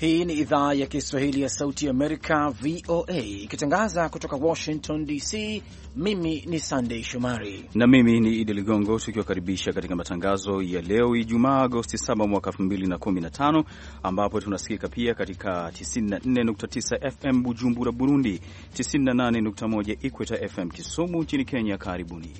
Hii ni idhaa ya Kiswahili ya Sauti ya Amerika, VOA, ikitangaza kutoka Washington DC. Mimi ni Sandei Shomari na mimi ni Idi Ligongo, tukiwakaribisha katika matangazo ya leo Ijumaa Agosti 7 mwaka 2015, ambapo tunasikika pia katika 94.9 FM Bujumbura, Burundi, 98.1 Ikweta FM Kisumu nchini Kenya. Karibuni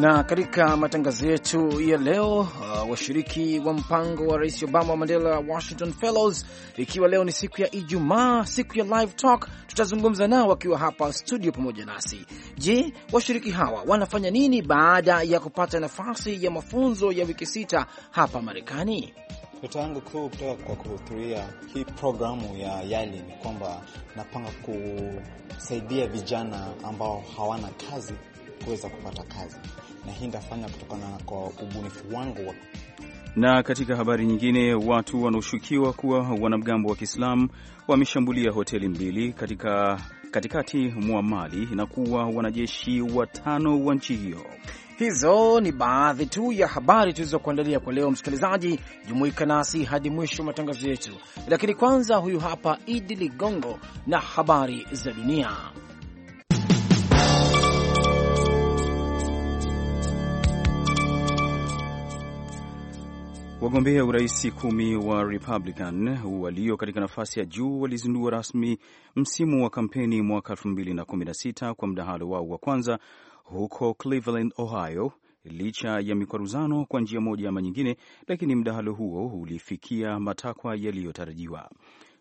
Na katika matangazo yetu ya leo uh, washiriki wa mpango wa Rais Obama wa Mandela Washington Fellows, ikiwa leo ni siku ya Ijumaa, siku ya live talk, tutazungumza nao wakiwa hapa studio pamoja nasi. Je, washiriki hawa wanafanya nini baada ya kupata nafasi ya mafunzo ya wiki sita hapa Marekani? Ndoto yangu kuu kutoka kwa kuhudhuria hii programu ya YALI ni kwamba napanga kusaidia vijana ambao hawana kazi kuweza kupata kazi na hii nitafanya kutokana kwa ubunifu wangu wa na katika habari nyingine, watu wanaoshukiwa kuwa wanamgambo wa Kiislamu wameshambulia hoteli mbili katika katikati mwa Mali na kuwa wanajeshi watano wa nchi hiyo. Hizo ni baadhi tu ya habari tulizokuandalia kwa leo. Msikilizaji, jumuika nasi hadi mwisho wa matangazo yetu, lakini kwanza, huyu hapa Idi Ligongo na habari za dunia. Wagombea urais kumi wa Republican walio katika nafasi ya juu walizindua rasmi msimu wa kampeni mwaka 2016 kwa mdahalo wao wa kwanza huko Cleveland, Ohio. Licha ya mikwaruzano kwa njia moja ama nyingine, lakini mdahalo huo ulifikia matakwa yaliyotarajiwa.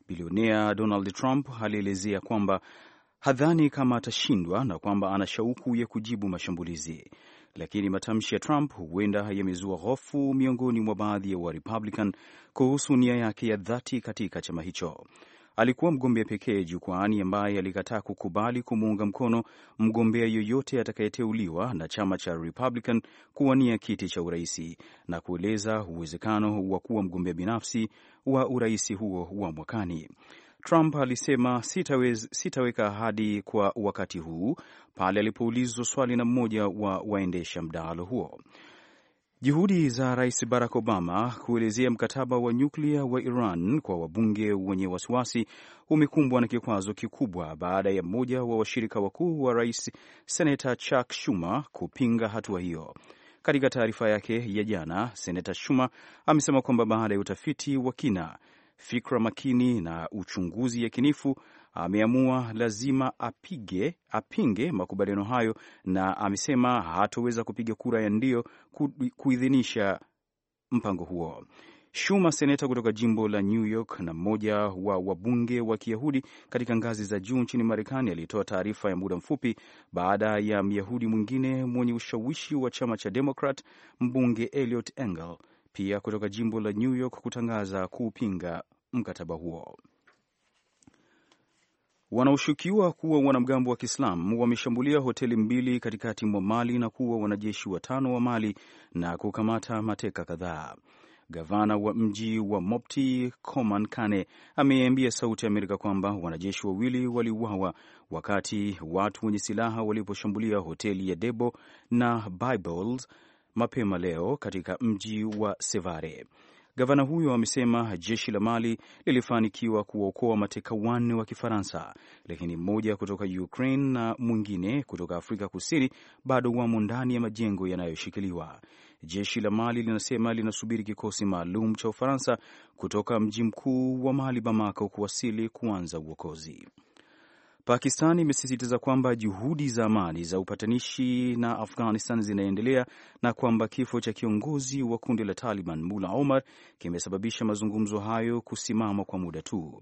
Bilionea Donald Trump alielezea kwamba hadhani kama atashindwa na kwamba ana shauku ya kujibu mashambulizi lakini matamshi ya Trump huenda yamezua hofu miongoni mwa baadhi ya Warepublican kuhusu nia yake ya dhati katika chama hicho. Alikuwa mgombea pekee jukwaani ambaye alikataa kukubali kumuunga mkono mgombea yoyote atakayeteuliwa na chama cha Republican kuwania kiti cha uraisi na kueleza uwezekano wa kuwa mgombea binafsi wa urais huo wa mwakani. Trump alisema sitaweka ahadi kwa wakati huu pale alipoulizwa swali na mmoja wa waendesha mdahalo huo. Juhudi za Rais Barack Obama kuelezea mkataba wa nyuklia wa Iran kwa wabunge wenye wasiwasi umekumbwa na kikwazo kikubwa baada ya mmoja wa washirika wakuu wa rais, Senata Chuck Schumer kupinga hatua hiyo. Katika taarifa yake ya jana, Senata Schumer amesema kwamba baada ya utafiti wa kina fikra makini na uchunguzi yakinifu, ameamua lazima apige apinge makubaliano hayo, na amesema hatoweza kupiga kura ya ndio kuidhinisha mpango huo. Shuma, seneta kutoka jimbo la New York na mmoja wa wabunge wa Kiyahudi katika ngazi za juu nchini Marekani, alitoa taarifa ya muda mfupi baada ya Myahudi mwingine mwenye ushawishi wa chama cha demokrat mbunge Eliot Engel pia kutoka jimbo la New York kutangaza kuupinga mkataba huo. Wanaoshukiwa kuwa wanamgambo wa Kiislamu wameshambulia hoteli mbili katikati mwa Mali na kuwa wanajeshi watano wa Mali na kukamata mateka kadhaa. Gavana wa mji wa Mopti Koman Kane ameiambia Sauti ya Amerika kwamba wanajeshi wawili waliuawa wakati watu wenye silaha waliposhambulia hoteli ya Debo na Bibles mapema leo katika mji wa Sevare. Gavana huyo amesema jeshi la Mali lilifanikiwa kuwaokoa mateka wanne wa Kifaransa, lakini mmoja kutoka Ukraine na mwingine kutoka Afrika Kusini bado wamo ndani ya majengo yanayoshikiliwa. Jeshi la Mali linasema linasubiri kikosi maalum cha Ufaransa kutoka mji mkuu wa Mali, Bamako, kuwasili kuanza uokozi. Pakistan imesisitiza kwamba juhudi za amani za upatanishi na Afghanistan zinaendelea na kwamba kifo cha kiongozi wa kundi la Taliban Mula Omar kimesababisha mazungumzo hayo kusimama kwa muda tu.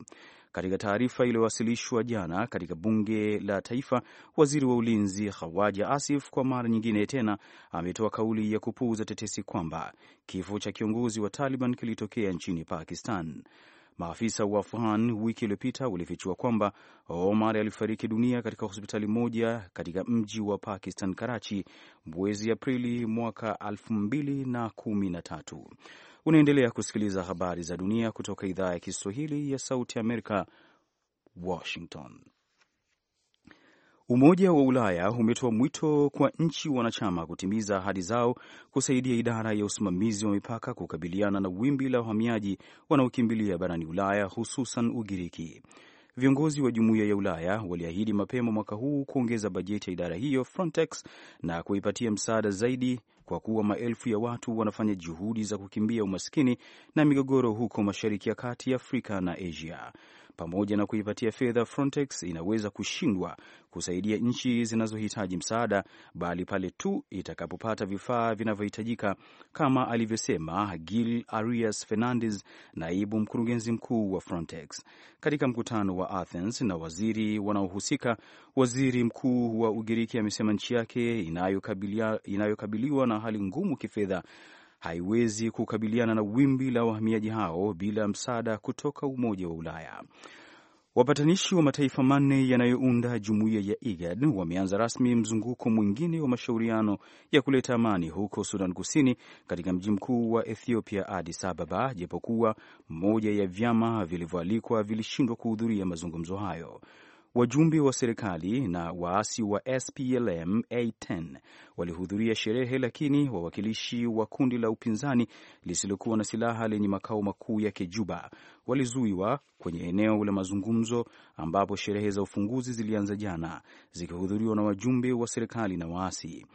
Katika taarifa iliyowasilishwa jana katika bunge la taifa, waziri wa ulinzi Khawaja Asif kwa mara nyingine tena ametoa kauli ya kupuuza tetesi kwamba kifo cha kiongozi wa Taliban kilitokea nchini Pakistan. Maafisa wa Afghan wiki iliyopita walifichua kwamba Omar alifariki dunia katika hospitali moja katika mji wa Pakistan, Karachi, mwezi Aprili mwaka elfu na kumi na tatu. Unaendelea kusikiliza habari za dunia kutoka idhaa ya Kiswahili ya Sauti Amerika, Washington. Umoja wa Ulaya umetoa mwito kwa nchi wanachama kutimiza ahadi zao kusaidia idara ya usimamizi wa mipaka kukabiliana na wimbi la wahamiaji wanaokimbilia barani Ulaya, hususan Ugiriki. Viongozi wa jumuiya ya Ulaya waliahidi mapema mwaka huu kuongeza bajeti ya idara hiyo Frontex na kuipatia msaada zaidi, kwa kuwa maelfu ya watu wanafanya juhudi za kukimbia umaskini na migogoro huko Mashariki ya Kati, Afrika na Asia pamoja na kuipatia fedha Frontex inaweza kushindwa kusaidia nchi zinazohitaji msaada, bali pale tu itakapopata vifaa vinavyohitajika, kama alivyosema Gil Arias Fernandez, naibu mkurugenzi mkuu wa Frontex katika mkutano wa Athens na waziri wanaohusika. Waziri mkuu wa Ugiriki amesema nchi yake inayokabiliwa na hali ngumu kifedha haiwezi kukabiliana na wimbi la wahamiaji hao bila msaada kutoka Umoja wa Ulaya. Wapatanishi wa mataifa manne yanayounda jumuiya ya IGAD wameanza rasmi mzunguko mwingine wa mashauriano ya kuleta amani huko Sudan Kusini, katika mji mkuu wa Ethiopia, Addis Ababa, japokuwa moja ya vyama vilivyoalikwa vilishindwa kuhudhuria mazungumzo hayo. Wajumbe wa serikali na waasi wa SPLM-A10 walihudhuria sherehe, lakini wawakilishi wa kundi la upinzani lisilokuwa na silaha lenye makao makuu yake Juba walizuiwa kwenye eneo la mazungumzo ambapo sherehe za ufunguzi zilianza jana zikihudhuriwa na wajumbe wa serikali na waasi.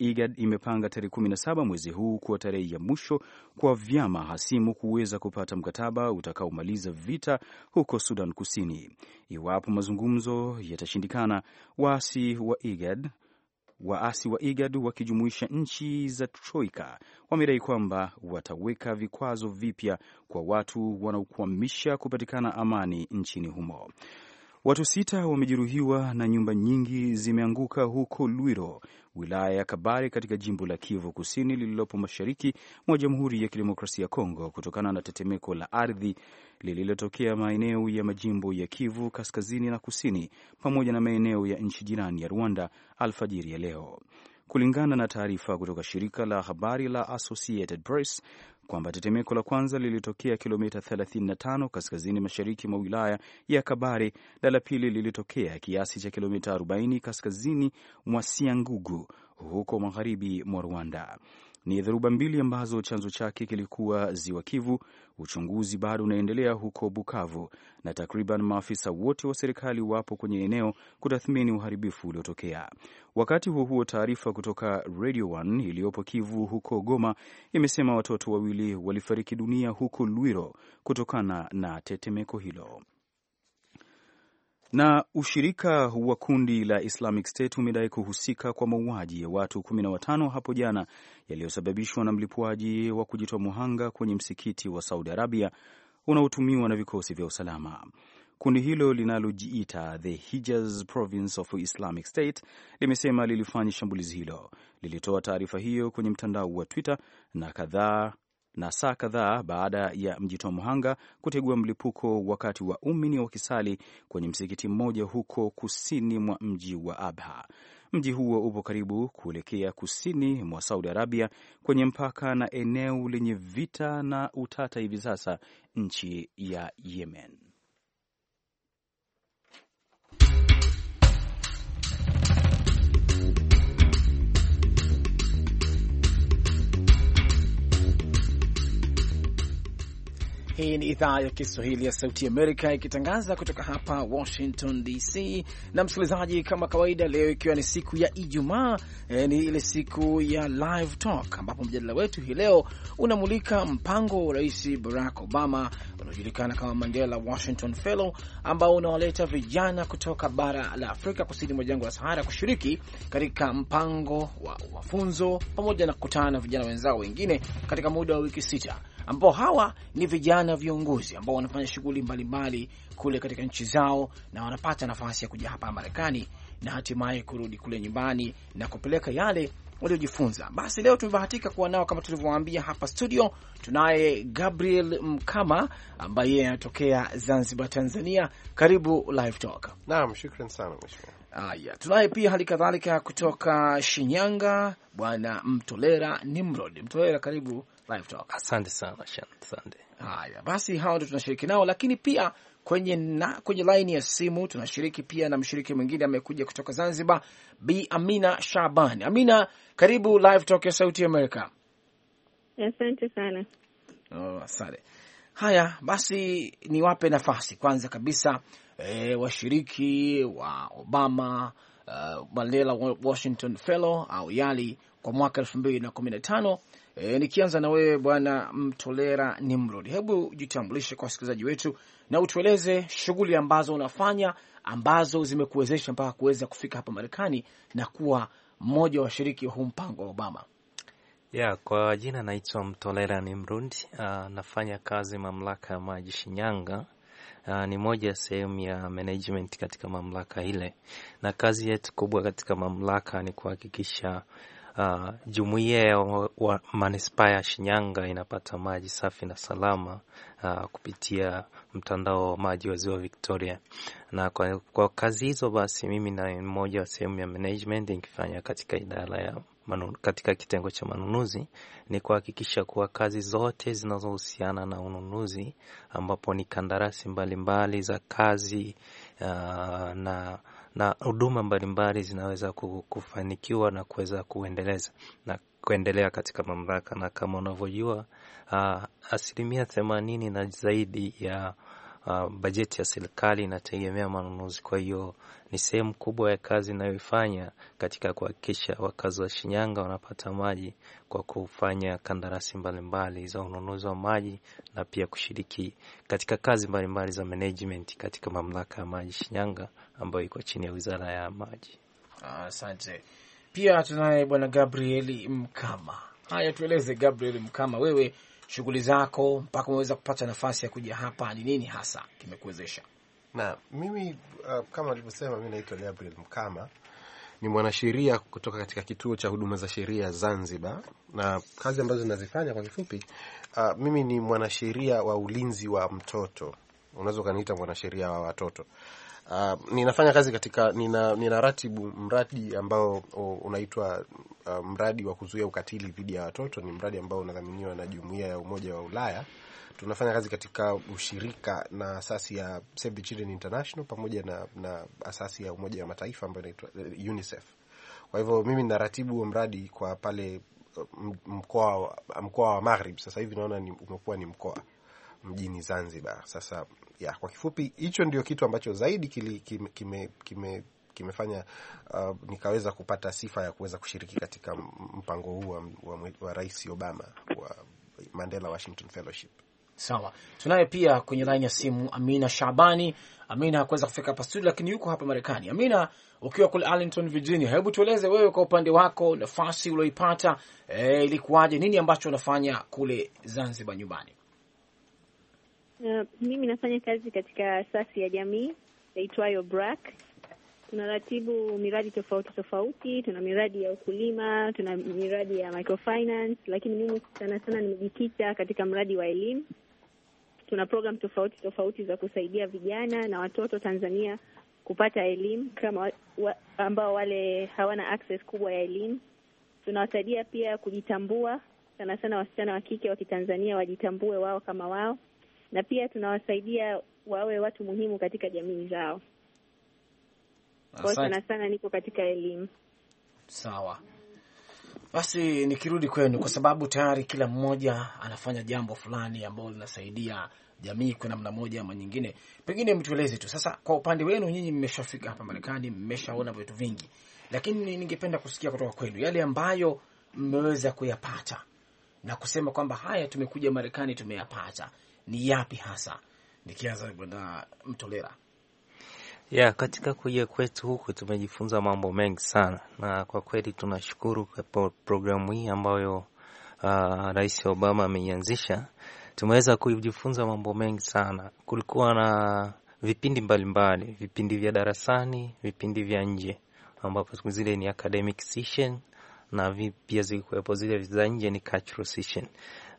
IGAD imepanga tarehe 17 mwezi huu kuwa tarehe ya mwisho kwa vyama hasimu kuweza kupata mkataba utakaomaliza vita huko Sudan Kusini. Iwapo mazungumzo yatashindikana, waasi wa IGAD waasi wa IGAD wakijumuisha nchi za Troika wamedai kwamba wataweka vikwazo vipya kwa watu wanaokwamisha kupatikana amani nchini humo. Watu sita wamejeruhiwa na nyumba nyingi zimeanguka huko Lwiro, wilaya ya Kabare katika jimbo la Kivu Kusini lililopo mashariki mwa Jamhuri ya Kidemokrasia ya Kongo kutokana na tetemeko la ardhi lililotokea maeneo ya majimbo ya Kivu Kaskazini na Kusini pamoja na maeneo ya nchi jirani ya Rwanda alfajiri ya leo kulingana na taarifa kutoka shirika la habari la Associated Press kwamba tetemeko la kwanza lilitokea kilomita 35 kaskazini mashariki mwa wilaya ya Kabare na la pili lilitokea kiasi cha kilomita 40 kaskazini mwa Siangugu huko magharibi mwa Rwanda ni dharuba mbili ambazo chanzo chake kilikuwa ziwa Kivu. Uchunguzi bado unaendelea huko Bukavu, na takriban maafisa wote wa serikali wapo kwenye eneo kutathmini uharibifu uliotokea. Wakati huo huo, taarifa kutoka Radio One iliyopo Kivu huko Goma imesema watoto wawili walifariki dunia huko Lwiro kutokana na tetemeko hilo. Na ushirika wa kundi la Islamic State umedai kuhusika kwa mauaji ya watu 15 hapo jana yaliyosababishwa na mlipuaji wa kujitoa muhanga kwenye msikiti wa Saudi Arabia unaotumiwa na vikosi vya usalama. Kundi hilo linalojiita The Hijaz Province of Islamic State limesema lilifanya shambulizi hilo. Lilitoa taarifa hiyo kwenye mtandao wa Twitter na kadhaa na saa kadhaa baada ya mjitoa mhanga kutegua mlipuko wakati wa umini wakisali kwenye msikiti mmoja huko kusini mwa mji wa Abha. Mji huo upo karibu kuelekea kusini mwa Saudi Arabia kwenye mpaka na eneo lenye vita na utata hivi sasa nchi ya Yemen. Hii ni idhaa ya Kiswahili ya Sauti Amerika ikitangaza kutoka hapa Washington DC. Na msikilizaji, kama kawaida, leo ikiwa ni siku ya Ijumaa eh, ni ile siku ya Live Talk ambapo mjadala wetu hii leo unamulika mpango wa Rais Barack Obama unaojulikana kama Mandela Washington Fellow ambao unawaleta vijana kutoka bara la Afrika kusini mwa jangwa la Sahara kushiriki katika mpango wa mafunzo pamoja na kukutana na vijana wenzao wengine katika muda wa wiki sita ambao hawa ni vijana viongozi ambao wanafanya shughuli mbalimbali kule katika nchi zao, na wanapata nafasi ya kuja hapa Marekani na hatimaye kurudi kule nyumbani na kupeleka yale waliojifunza. Basi leo tumebahatika kuwa nao kama tulivyowaambia hapa studio. Tunaye Gabriel Mkama ambaye yeye anatokea Zanzibar, Tanzania. Karibu Live Talk. Naam, shukran sana mheshimiwa. Haya, tunaye pia hali kadhalika kutoka Shinyanga bwana Mtolera Nimrod. Mtolera, karibu Live Talk. Asante sana asante. Haya basi, hao ndio tunashiriki nao, lakini pia kwenye na, kwenye laini ya simu tunashiriki pia na mshiriki mwingine amekuja kutoka Zanzibar, Bi Amina Shaban. Amina, karibu Live Talk ya Sauti ya Amerika. Asante sana. Oh, asante. Haya basi, niwape nafasi kwanza kabisa e, washiriki wa Obama uh, Mandela Washington Fellow au YALI kwa mwaka elfu mbili na kumi na tano E, nikianza na wewe bwana Mtolera Nimrod, hebu jitambulishe kwa wasikilizaji wetu na utueleze shughuli ambazo unafanya ambazo zimekuwezesha mpaka kuweza kufika hapa Marekani na kuwa mmoja wa washiriki wa huu mpango wa Obama. Ya, kwa jina naitwa Mtolera Nimrod. Uh, nafanya kazi mamlaka ya maji Shinyanga. Uh, ni moja ya sehemu ya management katika mamlaka ile, na kazi yetu kubwa katika mamlaka ni kuhakikisha uh, jumuiya ya manispaa ya Shinyanga inapata maji safi na salama uh, kupitia mtandao wa maji wa ziwa Victoria, na kwa, kwa kazi hizo basi mimi na mmoja wa sehemu ya management nikifanya katika idara ya manu, katika kitengo cha manunuzi ni kuhakikisha kuwa kazi zote zinazohusiana na ununuzi ambapo ni kandarasi mbalimbali mbali za kazi uh, na na huduma mbalimbali zinaweza kufanikiwa na kuweza kuendeleza na kuendelea katika mamlaka, na kama unavyojua ah, asilimia themanini na zaidi ya uh, bajeti ya serikali inategemea manunuzi. Kwa hiyo ni sehemu kubwa ya kazi inayoifanya katika kuhakikisha wakazi wa Shinyanga wanapata maji kwa kufanya kandarasi mbalimbali mbali za ununuzi wa maji na pia kushiriki katika kazi mbalimbali mbali za management katika mamlaka ya maji Shinyanga ambayo iko chini ya wizara ya maji. Asante. Ah, pia tunaye bwana Gabrieli Mkama. Haya, tueleze Gabriel Mkama, wewe shughuli zako mpaka umeweza kupata nafasi ya kuja hapa, ni nini hasa kimekuwezesha? Na mimi uh, kama nilivyosema, mi naitwa Gabriel Mkama, ni mwanasheria kutoka katika kituo cha huduma za sheria Zanzibar, na kazi ambazo zinazifanya kwa kifupi, uh, mimi ni mwanasheria wa ulinzi wa mtoto, unaweza ukaniita mwanasheria wa watoto Uh, ninafanya kazi katika nina, nina ratibu mradi ambao unaitwa uh, mradi wa kuzuia ukatili dhidi ya watoto. Ni mradi ambao unadhaminiwa na Jumuiya ya Umoja wa Ulaya. Tunafanya kazi katika ushirika na asasi ya Save the Children International pamoja na, na asasi ya Umoja wa Mataifa ambayo inaitwa eh, UNICEF. Kwa hivyo mimi ninaratibu mradi kwa pale mkoa wa Maghrib. Sasa hivi naona umekuwa ni mkoa mjini Zanzibar. Sasa ya kwa kifupi hicho ndio kitu ambacho zaidi kili, kime, kime, kime kimefanya uh, nikaweza kupata sifa ya kuweza kushiriki katika mpango huu wa, wa, wa Rais Obama wa Mandela Washington Fellowship. Sawa, tunaye pia kwenye laini ya simu Amina Shabani. Amina hakuweza kufika hapa studio, lakini yuko hapa Marekani. Amina, ukiwa kule Arlington, Virginia, hebu tueleze wewe kwa upande wako nafasi ulioipata, e, eh, ilikuwaje? Nini ambacho unafanya kule Zanzibar nyumbani? Uh, mimi nafanya kazi katika asasi ya jamii yaitwayo BRAC. Tunaratibu miradi tofauti tofauti, tuna miradi ya ukulima, tuna miradi ya microfinance, lakini mimi sana sana nimejikita katika mradi wa elimu. Tuna program tofauti tofauti za kusaidia vijana na watoto Tanzania kupata elimu kama wa, ambao wale hawana access kubwa ya elimu. Tunawasaidia pia kujitambua, sana sana wasichana wa kike wa Kitanzania wajitambue wao kama wao na pia tunawasaidia wawe watu muhimu katika jamii zao. Kwa sana sana niko katika elimu. Sawa. Basi nikirudi kwenu, kwa sababu tayari kila mmoja anafanya jambo fulani ambalo linasaidia jamii kwa namna moja ama nyingine, pengine mtueleze tu sasa, kwa upande wenu nyinyi, mmeshafika hapa Marekani, mmeshaona vitu vingi, lakini ningependa kusikia kutoka kwenu yale ambayo mmeweza kuyapata na kusema kwamba haya, tumekuja Marekani tumeyapata, ni yapi hasa? Nikianza bwana Mtolera. Ya, katika kuja kwetu huku tumejifunza mambo mengi sana, na kwa kweli tunashukuru kwa programu hii ambayo uh, Rais Obama ameianzisha. Tumeweza kujifunza mambo mengi sana. Kulikuwa na vipindi mbalimbali mbali, vipindi vya darasani, vipindi vya nje ambapo siku zile ni academic session na pia zilikuwepo zile za nje ni cultural session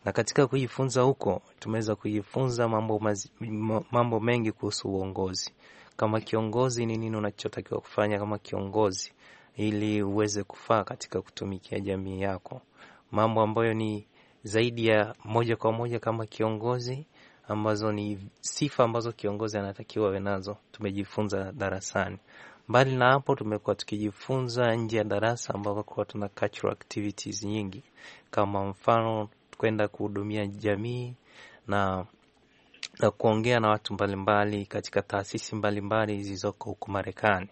na katika kujifunza huko tumeweza kujifunza mambo, mazi, mambo mengi kuhusu uongozi. Kama kiongozi ni nini unachotakiwa kufanya kama kiongozi ili uweze kufaa katika kutumikia jamii yako, mambo ambayo ni zaidi ya moja kwa moja kama kiongozi, ambazo ni sifa ambazo kiongozi anatakiwa awe nazo, tumejifunza darasani. Mbali na hapo, tumekuwa tukijifunza nje ya darasa, ambapo kuwa tuna cultural activities nyingi, kama mfano kwenda kuhudumia jamii na, na kuongea na watu mbalimbali katika taasisi mbalimbali zilizoko huko Marekani,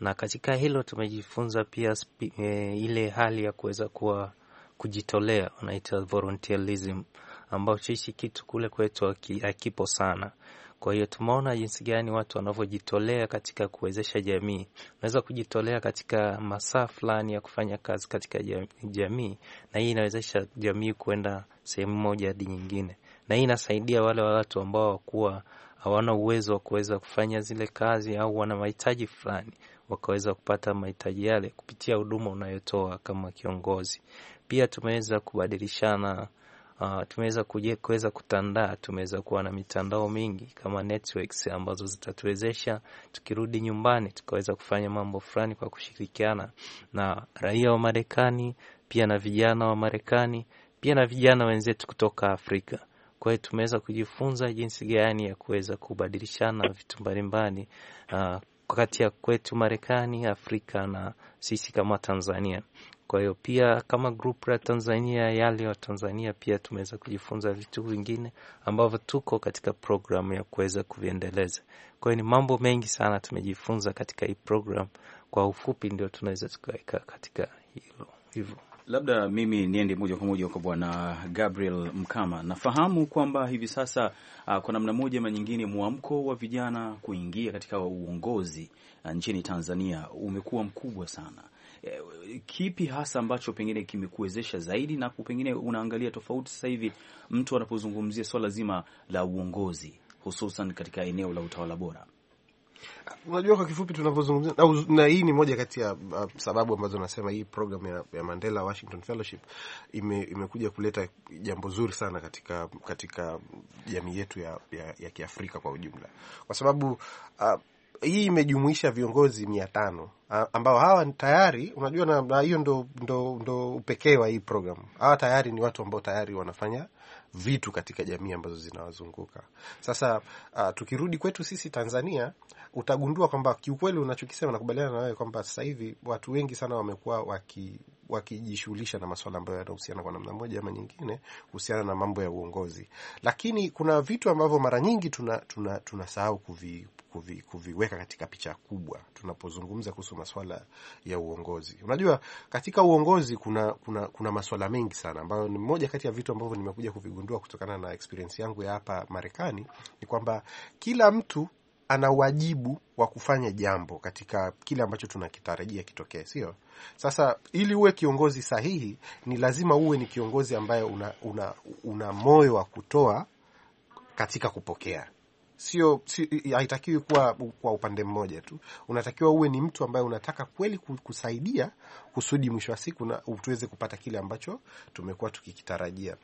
na katika hilo tumejifunza pia spi, e, ile hali ya kuweza kuwa kujitolea unaita volunteerism, ambao chichi kitu kule kwetu akipo sana kwa hiyo tumeona jinsi gani watu wanavyojitolea katika kuwezesha jamii. Unaweza kujitolea katika masaa fulani ya kufanya kazi katika jamii, na hii inawezesha jamii kuenda sehemu moja hadi nyingine, na hii inasaidia wale watu ambao wakuwa hawana uwezo wa kuweza kufanya zile kazi au wana mahitaji fulani wakaweza kupata mahitaji yale kupitia huduma unayotoa kama kiongozi. Pia tumeweza kubadilishana Uh, tumeweza kuweza kutandaa, tumeweza kuwa na mitandao mingi kama networks ambazo zitatuwezesha tukirudi nyumbani tukaweza kufanya mambo fulani kwa kushirikiana na raia wa Marekani, pia na vijana wa Marekani, pia na vijana wenzetu kutoka Afrika. Kwa hiyo tumeweza kujifunza jinsi gani ya kuweza kubadilishana vitu mbalimbali uh, kati ya kwetu Marekani, Afrika na sisi kama Tanzania. Kwa hiyo pia kama group la Tanzania yale wa Tanzania pia tumeweza kujifunza vitu vingine ambavyo tuko katika programu ya kuweza kuviendeleza. Kwa hiyo ni mambo mengi sana tumejifunza katika hii program, kwa ufupi ndio tunaweza tukaweka katika hilo hivyo. Labda mimi niende moja kwa moja kwa Bwana Gabriel Mkama. Nafahamu kwamba hivi sasa uh, kwa namna moja ama nyingine mwamko wa vijana kuingia katika uongozi uh, nchini Tanzania umekuwa mkubwa sana. Eh, kipi hasa ambacho pengine kimekuwezesha zaidi, na pengine unaangalia tofauti sasa hivi mtu anapozungumzia swala zima la uongozi, hususan katika eneo la utawala bora? Unajua, kwa kifupi tunavyozungumzia, na hii ni moja kati ya uh, sababu ambazo nasema hii program ya, ya Mandela Washington Fellowship ime, imekuja kuleta jambo zuri sana katika katika jamii yetu ya, ya, ya Kiafrika kwa ujumla, kwa sababu uh, hii imejumuisha viongozi mia tano ambao hawa tayari unajua na, na hiyo ndo, ndo, ndo upekee wa hii programu. Hawa tayari ni watu ambao tayari wanafanya vitu katika jamii ambazo zinawazunguka. Sasa uh, tukirudi kwetu sisi Tanzania utagundua kwamba kiukweli unachokisema nakubaliana na wewe kwamba sasa hivi watu wengi sana wamekuwa waki wakijishughulisha na maswala ambayo yanahusiana kwa namna moja ama nyingine kuhusiana na mambo ya uongozi, lakini kuna vitu ambavyo mara nyingi tunasahau tuna, tuna kuvi, kuvi, kuviweka katika picha kubwa tunapozungumza kuhusu maswala ya uongozi. Unajua, katika uongozi kuna, kuna, kuna maswala mengi sana ambayo ni moja kati ya vitu ambavyo nimekuja kuvigundua kutokana na experience yangu ya hapa Marekani ni kwamba kila mtu ana wajibu wa kufanya jambo katika kile ambacho tunakitarajia kitokee, sio? Sasa ili uwe kiongozi sahihi, ni lazima uwe ni kiongozi ambaye una, una, una moyo wa kutoa katika kupokea sio, si, haitakiwi kuwa kwa upande mmoja tu. Unatakiwa uwe ni mtu ambaye unataka kweli kusaidia kusudi mwisho wa siku na tuweze kupata kile ambacho tumekuwa tukikitarajia.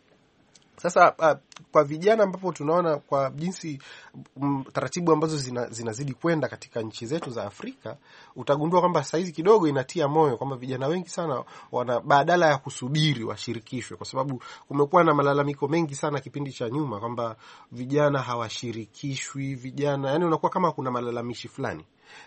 Sasa uh, kwa vijana ambapo tunaona kwa jinsi m, mm, taratibu ambazo zina, zinazidi kwenda katika nchi zetu za Afrika, utagundua kwamba saizi kidogo inatia moyo kwamba vijana wengi sana wana badala ya kusubiri washirikishwe, kwa sababu kumekuwa na malalamiko mengi sana kipindi cha nyuma kwamba vijana hawashirikishwi, vijana yani unakuwa kama kuna malalamishi fulani,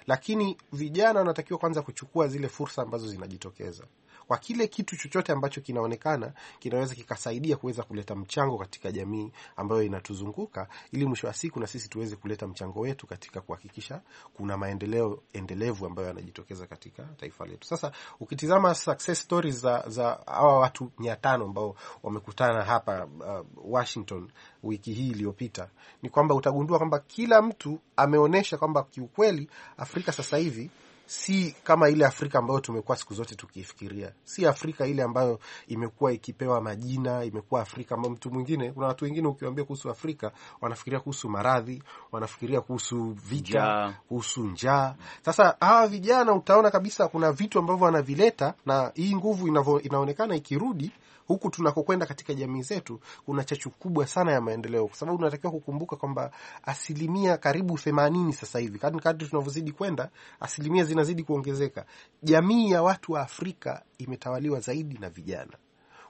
lakini vijana wanatakiwa kwanza kuchukua zile fursa ambazo zinajitokeza kwa kile kitu chochote ambacho kinaonekana kinaweza kikasaidia kuweza kuleta mchango katika jamii ambayo inatuzunguka ili mwisho wa siku na sisi tuweze kuleta mchango wetu katika kuhakikisha kuna maendeleo endelevu ambayo yanajitokeza katika taifa letu. Sasa ukitizama success stories za za hawa watu mia tano ambao wamekutana hapa uh, Washington wiki hii iliyopita ni kwamba utagundua kwamba kila mtu ameonyesha kwamba kiukweli Afrika sasa hivi si kama ile Afrika ambayo tumekuwa siku zote tukiifikiria. Si Afrika ile ambayo imekuwa ikipewa majina, imekuwa Afrika ambayo mtu mwingine, kuna watu wengine ukiwaambia kuhusu Afrika wanafikiria kuhusu maradhi, wanafikiria kuhusu vita, ja, kuhusu njaa. Sasa hawa vijana utaona kabisa kuna vitu ambavyo wanavileta, na hii nguvu inavyo, inaonekana ikirudi huku tunakokwenda katika jamii zetu kuna chachu kubwa sana ya maendeleo, kwa sababu tunatakiwa kukumbuka kwamba asilimia karibu themanini sasa hivi, kadri tunavyozidi kwenda, asilimia zinazidi kuongezeka. Jamii ya watu wa Afrika imetawaliwa zaidi na vijana.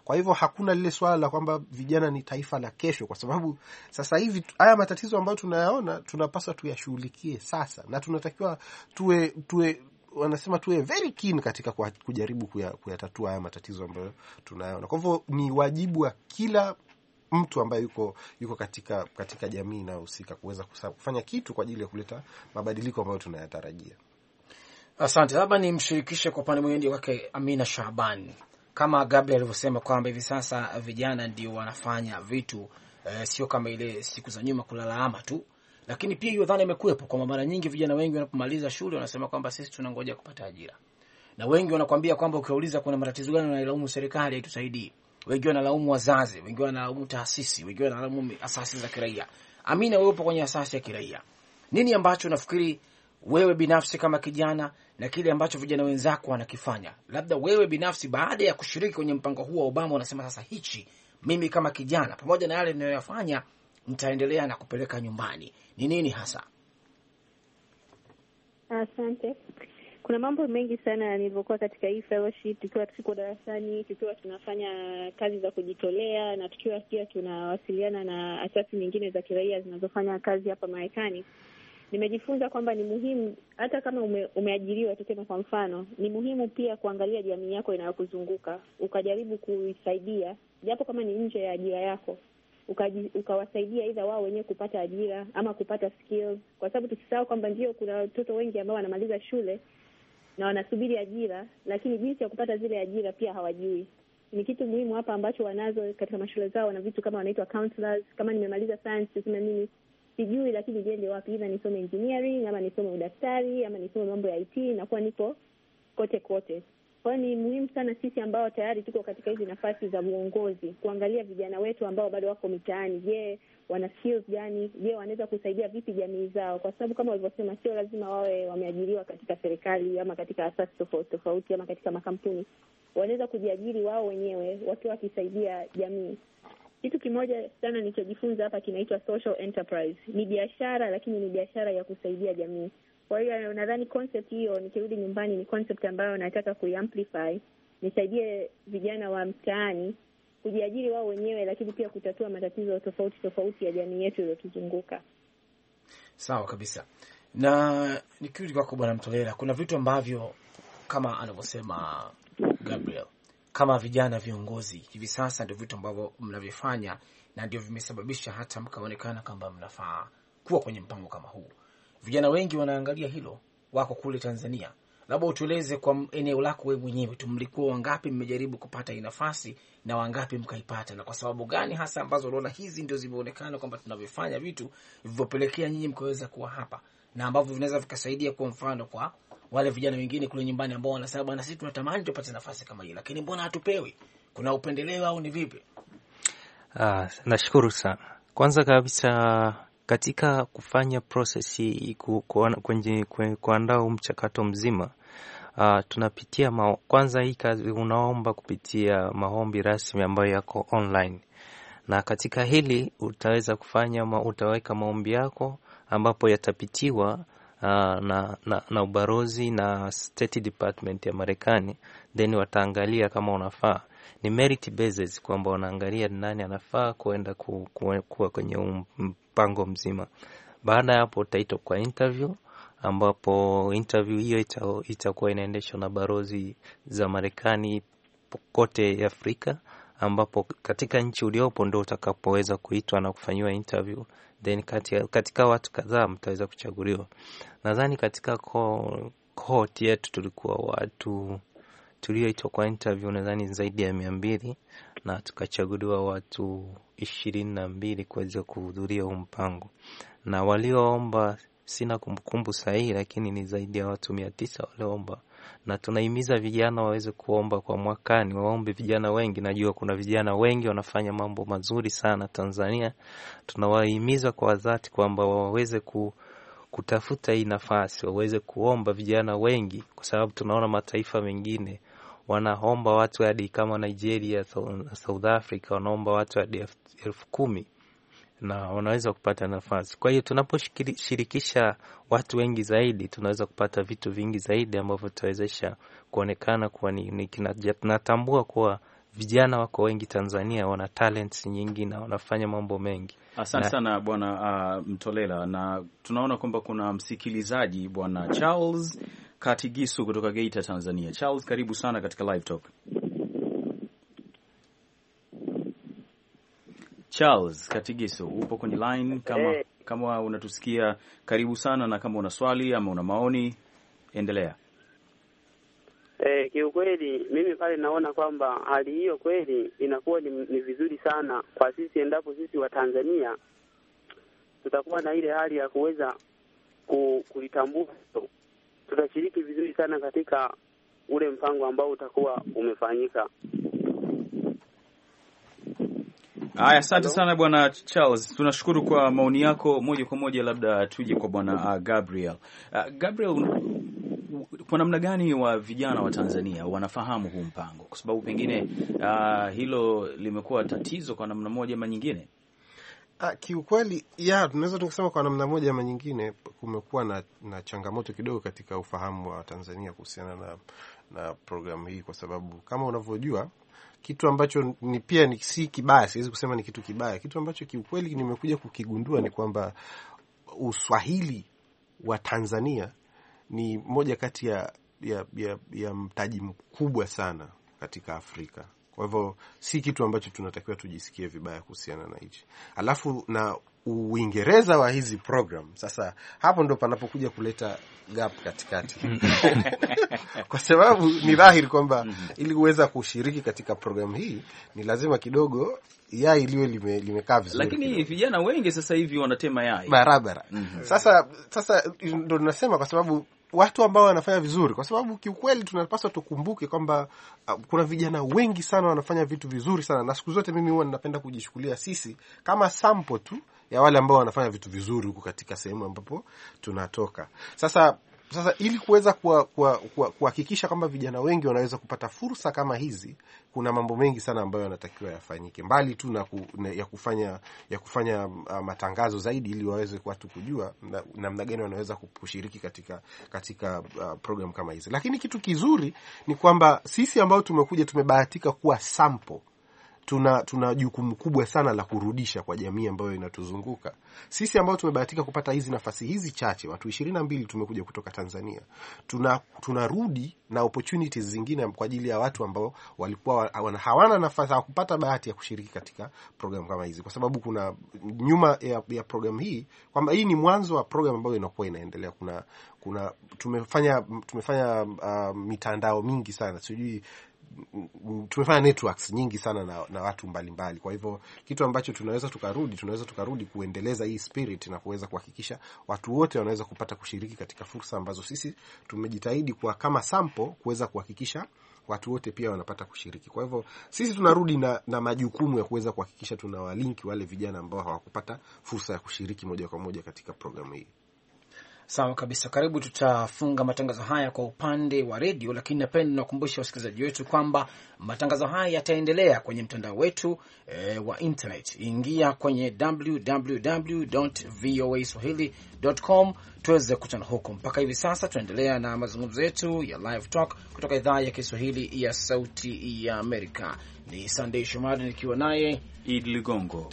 Kwa hivyo hakuna lile swala la kwamba vijana ni taifa la kesho, kwa sababu sasa hivi haya matatizo ambayo tunayaona tunapaswa tuyashughulikie sasa, na tunatakiwa tuwe, tuwe wanasema tuwe very keen katika kujaribu kuyatatua haya matatizo ambayo tunayaona. Kwa hivyo ni wajibu wa kila mtu ambaye yuko yuko katika katika jamii inayohusika kuweza kufanya kitu kwa ajili ya kuleta mabadiliko ambayo tunayatarajia. Asante. Labda nimshirikishe kwa upande mwingine wake Amina Shahban, kama Gabriel alivyosema kwamba hivi sasa vijana ndio wanafanya vitu eh, sio kama ile siku za nyuma kulalaama tu lakini pia hiyo dhana imekuwepo kwamba mara nyingi vijana wengi wanapomaliza shule wanasema kwamba sisi tunangoja kupata ajira, na wengi wanakwambia kwamba ukiwauliza kuna matatizo gani, wanailaumu serikali haitusaidii, wengi wanalaumu wazazi, wengi wanalaumu taasisi, wengi wanalaumu asasi za kiraia. Amina, wewe upo kwenye asasi ya kiraia, nini ambacho unafikiri wewe binafsi kama kijana na kile ambacho vijana wenzako wanakifanya, labda wewe binafsi baada ya kushiriki kwenye mpango huu wa Obama unasema sasa, hichi mimi kama kijana, pamoja na yale ninayoyafanya, mtaendelea na kupeleka nyumbani, ni nini hasa? Asante. Kuna mambo mengi sana nilivyokuwa katika hii fellowship, tukiwa tuko darasani, tukiwa tunafanya kazi za kujitolea na tukiwa pia tunawasiliana na asasi nyingine za kiraia zinazofanya kazi hapa Marekani, nimejifunza kwamba ni muhimu hata kama ume, umeajiriwa tuseme kwa mfano, ni muhimu pia kuangalia jamii yako inayokuzunguka ukajaribu kuisaidia, japo kama ni nje ya ajira yako, ukawasaidia uka idha wao wenyewe kupata ajira ama kupata skills, kwa sababu tusisahau kwamba ndio kuna watoto wengi ambao wanamaliza shule na wanasubiri ajira, lakini jinsi ya kupata zile ajira pia hawajui. Ni kitu muhimu hapa ambacho wanazo katika mashule zao, na vitu kama wanaitwa counselors, kama nimemaliza science sema nini sijui, lakini niende wapi? Idha nisome engineering ama nisome udaktari ama nisome mambo ya IT, nakuwa niko kote kote. Kwa hiyo ni muhimu sana sisi ambao tayari tuko katika hizi nafasi za uongozi kuangalia vijana wetu ambao bado wako mitaani. Je, wana skills gani? Je, wanaweza kusaidia vipi jamii zao? Kwa sababu kama walivyosema, sio lazima wawe wameajiriwa katika serikali ama katika asasi tofauti tofauti ama katika makampuni. Wanaweza kujiajiri wao wenyewe wakiwa wakisaidia jamii. Kitu kimoja sana nilichojifunza hapa kinaitwa social enterprise. Ni biashara, lakini ni biashara ya kusaidia jamii. Kwa hiyo eh, nadhani concept hiyo, nikirudi nyumbani, ni concept ambayo nataka kuiamplify, nisaidie vijana wa mtaani kujiajiri wao wenyewe, lakini pia kutatua matatizo tofauti tofauti ya jamii yetu iliyotuzunguka. Sawa kabisa. Na nikirudi kwako Bwana Mtolela, kuna vitu ambavyo kama anavyosema Gabriel, kama vijana viongozi hivi sasa ndio vitu ambavyo mnavyofanya na ndio vimesababisha hata mkaonekana kwamba mnafaa kuwa kwenye mpango kama huu. Vijana wengi wanaangalia hilo, wako kule Tanzania. Labda utueleze kwa eneo lako wewe mwenyewe tu, mlikuwa wangapi mmejaribu kupata hii nafasi na wangapi mkaipata, na kwa sababu gani hasa ambazo unaona hizi ndio zimeonekana kwamba tunavyofanya vitu vilivyopelekea nyinyi mkaweza kuwa hapa na ambavyo vinaweza vikasaidia, kwa mfano kwa wale vijana wengine kule nyumbani ambao wanasema bwana, sisi tunatamani tupate nafasi kama hii, lakini mbona hatupewi? Kuna upendeleo au ni vipi? Ah, nashukuru sana. Kwanza kabisa katika kufanya prosesi hii kwenye kuandaa mchakato mzima uh, tunapitia ma, kwanza hii kazi unaomba kupitia maombi rasmi ambayo yako online, na katika hili utaweza kufanya ma, utaweka maombi yako ambapo yatapitiwa uh, na, na, na ubarozi na State Department ya Marekani, then wataangalia kama unafaa ni merit basis kwamba wanaangalia nani anafaa kuenda ku, ku, kuwa kwenye um, mpango mzima. Baada ya hapo utaitwa kwa interview, ambapo interview hiyo itakuwa ita inaendeshwa na barozi za Marekani kote Afrika, ambapo katika nchi uliopo ndo utakapoweza kuitwa na kufanyiwa interview then katika, katika watu kadhaa mtaweza kuchaguliwa. Nadhani katika koti yetu tulikuwa watu tulioitwa kwa interview nadhani zaidi ya mia mbili na tukachaguliwa watu ishirini na mbili kuweza kuhudhuria huu mpango, na walioomba sina kumbukumbu sahihi, lakini ni zaidi ya watu mia tisa walioomba, na tunahimiza vijana waweze kuomba kwa mwakani, waombe vijana wengi. Najua kuna vijana wengi wanafanya mambo mazuri sana Tanzania. Tunawahimiza kwa dhati kwamba waweze ku kutafuta hii nafasi waweze kuomba vijana wengi, kwa sababu tunaona mataifa mengine wanaomba watu hadi kama Nigeria, South Africa wanaomba watu hadi elfu kumi na wanaweza kupata nafasi. Kwa hiyo tunaposhirikisha watu wengi zaidi, tunaweza kupata vitu vingi zaidi ambavyo tutawezesha kuonekana kuwa ni, natambua kuwa vijana wako wengi Tanzania, wana talents nyingi na wanafanya mambo mengi. Asante sana bwana uh, Mtolela, na tunaona kwamba kuna msikilizaji bwana Charles Katigisu kutoka Geita, Tanzania. Charles, karibu sana katika live talk. Charles Katigisu, upo kwenye line kama hey. Kama unatusikia karibu sana, na kama una swali ama una maoni endelea. Eh, kiukweli mimi pale naona kwamba hali hiyo kweli inakuwa ni, ni vizuri sana kwa sisi endapo sisi wa tanzania tutakuwa na ile hali ya kuweza kulitambua tutashiriki vizuri sana katika ule mpango ambao utakuwa umefanyika. Haya, asante sana bwana Charles, tunashukuru kwa maoni yako. Moja kwa moja, labda tuje kwa bwana uh, Gabriel. Uh, Gabriel, kwa namna gani wa vijana wa Tanzania wanafahamu huu mpango? Kwa sababu pengine uh, hilo limekuwa tatizo kwa namna moja ama nyingine. Ah, kiukweli ya tunaweza tukasema kwa namna moja ama nyingine kumekuwa na, na changamoto kidogo katika ufahamu wa Tanzania kuhusiana na, na programu hii, kwa sababu kama unavyojua kitu ambacho ni pia ni si kibaya, siwezi kusema ni kitu kibaya. Kitu ambacho kiukweli nimekuja kukigundua ni kwamba uswahili wa Tanzania ni moja kati ya, ya, ya, ya mtaji mkubwa sana katika Afrika kwa hivyo si kitu ambacho tunatakiwa tujisikie vibaya kuhusiana na hichi. Alafu na Uingereza wa hizi program sasa, hapo ndo panapokuja kuleta gap katikati kwa sababu ni dhahiri kwamba mhm. ili kuweza kushiriki katika programu hii ni lazima kidogo yai liwe limekaa lime vizuri, lakini vijana wengi sasa hivi wanatema yai barabara. mm -hmm. Sasa sasa ndo nasema kwa sababu watu ambao wanafanya vizuri, kwa sababu kiukweli tunapaswa tukumbuke kwamba uh, kuna vijana wengi sana wanafanya vitu vizuri sana, na siku zote mimi huwa ninapenda kujishukulia sisi kama sample tu ya wale ambao wanafanya vitu vizuri huku katika sehemu ambapo tunatoka. Sasa sasa ili kuweza kuhakikisha kwamba vijana wengi wanaweza kupata fursa kama hizi, kuna mambo mengi sana ambayo yanatakiwa yafanyike, mbali tu na, ku, na ya kufanya ya kufanya uh, matangazo zaidi, ili waweze watu kujua namna gani wanaweza kushiriki katika katika uh, program kama hizi. Lakini kitu kizuri ni kwamba sisi ambao tumekuja tumebahatika kuwa sample tuna tuna jukumu kubwa sana la kurudisha kwa jamii ambayo inatuzunguka sisi, ambao tumebahatika kupata hizi nafasi hizi chache. Watu ishirini na mbili tumekuja kutoka Tanzania, tuna tunarudi na opportunities zingine kwa ajili ya watu ambao walikuwa hawana nafasi, hawakupata bahati ya kushiriki katika programu kama hizi, kwa sababu kuna nyuma ya, ya programu hii kwamba hii ni mwanzo wa programu ambayo inakuwa inaendelea. Kuna kuna tumefanya tumefanya uh, mitandao mingi sana sijui tumefanya networks nyingi sana na, na watu mbalimbali mbali. Kwa hivyo kitu ambacho tunaweza tukarudi tunaweza tukarudi kuendeleza hii spirit na kuweza kuhakikisha watu wote wanaweza kupata kushiriki katika fursa ambazo sisi tumejitahidi kwa kama sample kuweza kuhakikisha watu wote pia wanapata kushiriki. Kwa hivyo sisi tunarudi na, na majukumu ya kuweza kuhakikisha tunawalinki wale vijana ambao hawakupata fursa ya kushiriki moja kwa moja katika programu hii. Sawa kabisa, karibu. Tutafunga matangazo haya kwa upande wa redio, lakini napenda nakumbusha wasikilizaji wetu kwamba Matangazo haya yataendelea kwenye mtandao wetu e, wa internet. Ingia kwenye swahilicom tuweze kukutana huko. Mpaka hivi sasa tunaendelea na mazungumzo yetu ya live talk kutoka idhaa ya Kiswahili ya Sauti ya Amerika. Ni Sandey Shomari nikiwa naye Idi Ligongo.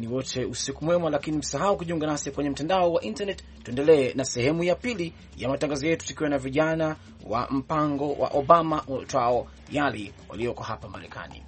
ni wote usiku mwema, lakini msahau kujiunga nasi kwenye mtandao wa internet. Tuendelee na sehemu ya pili ya matangazo yetu tukiwa na vijana wa mpango wa Obama uitwao YALI walioko hapa Marekani.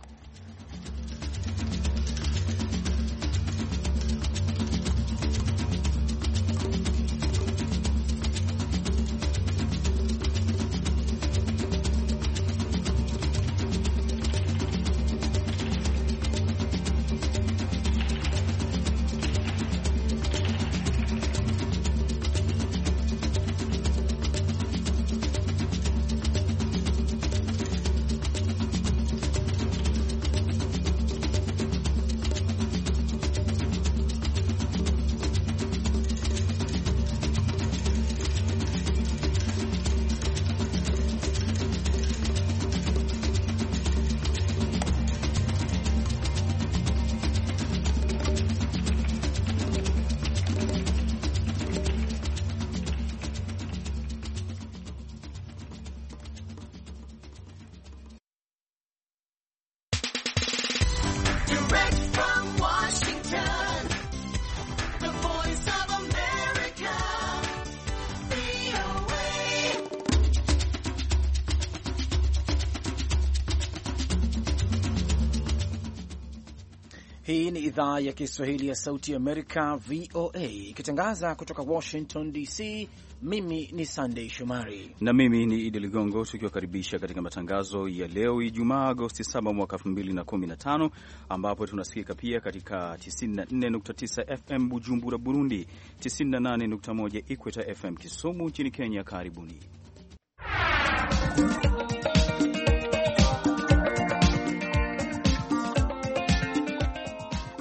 Hii ni idhaa ya Kiswahili ya Sauti Amerika, VOA, ikitangaza kutoka Washington DC. Mimi ni Sandei Shomari na mimi ni Idi Ligongo, tukiwakaribisha katika matangazo ya leo Ijumaa Agosti 7 mwaka 2015, ambapo tunasikika pia katika 94.9 FM Bujumbura, Burundi, 98.1 Ikweta FM Kisumu nchini Kenya. Karibuni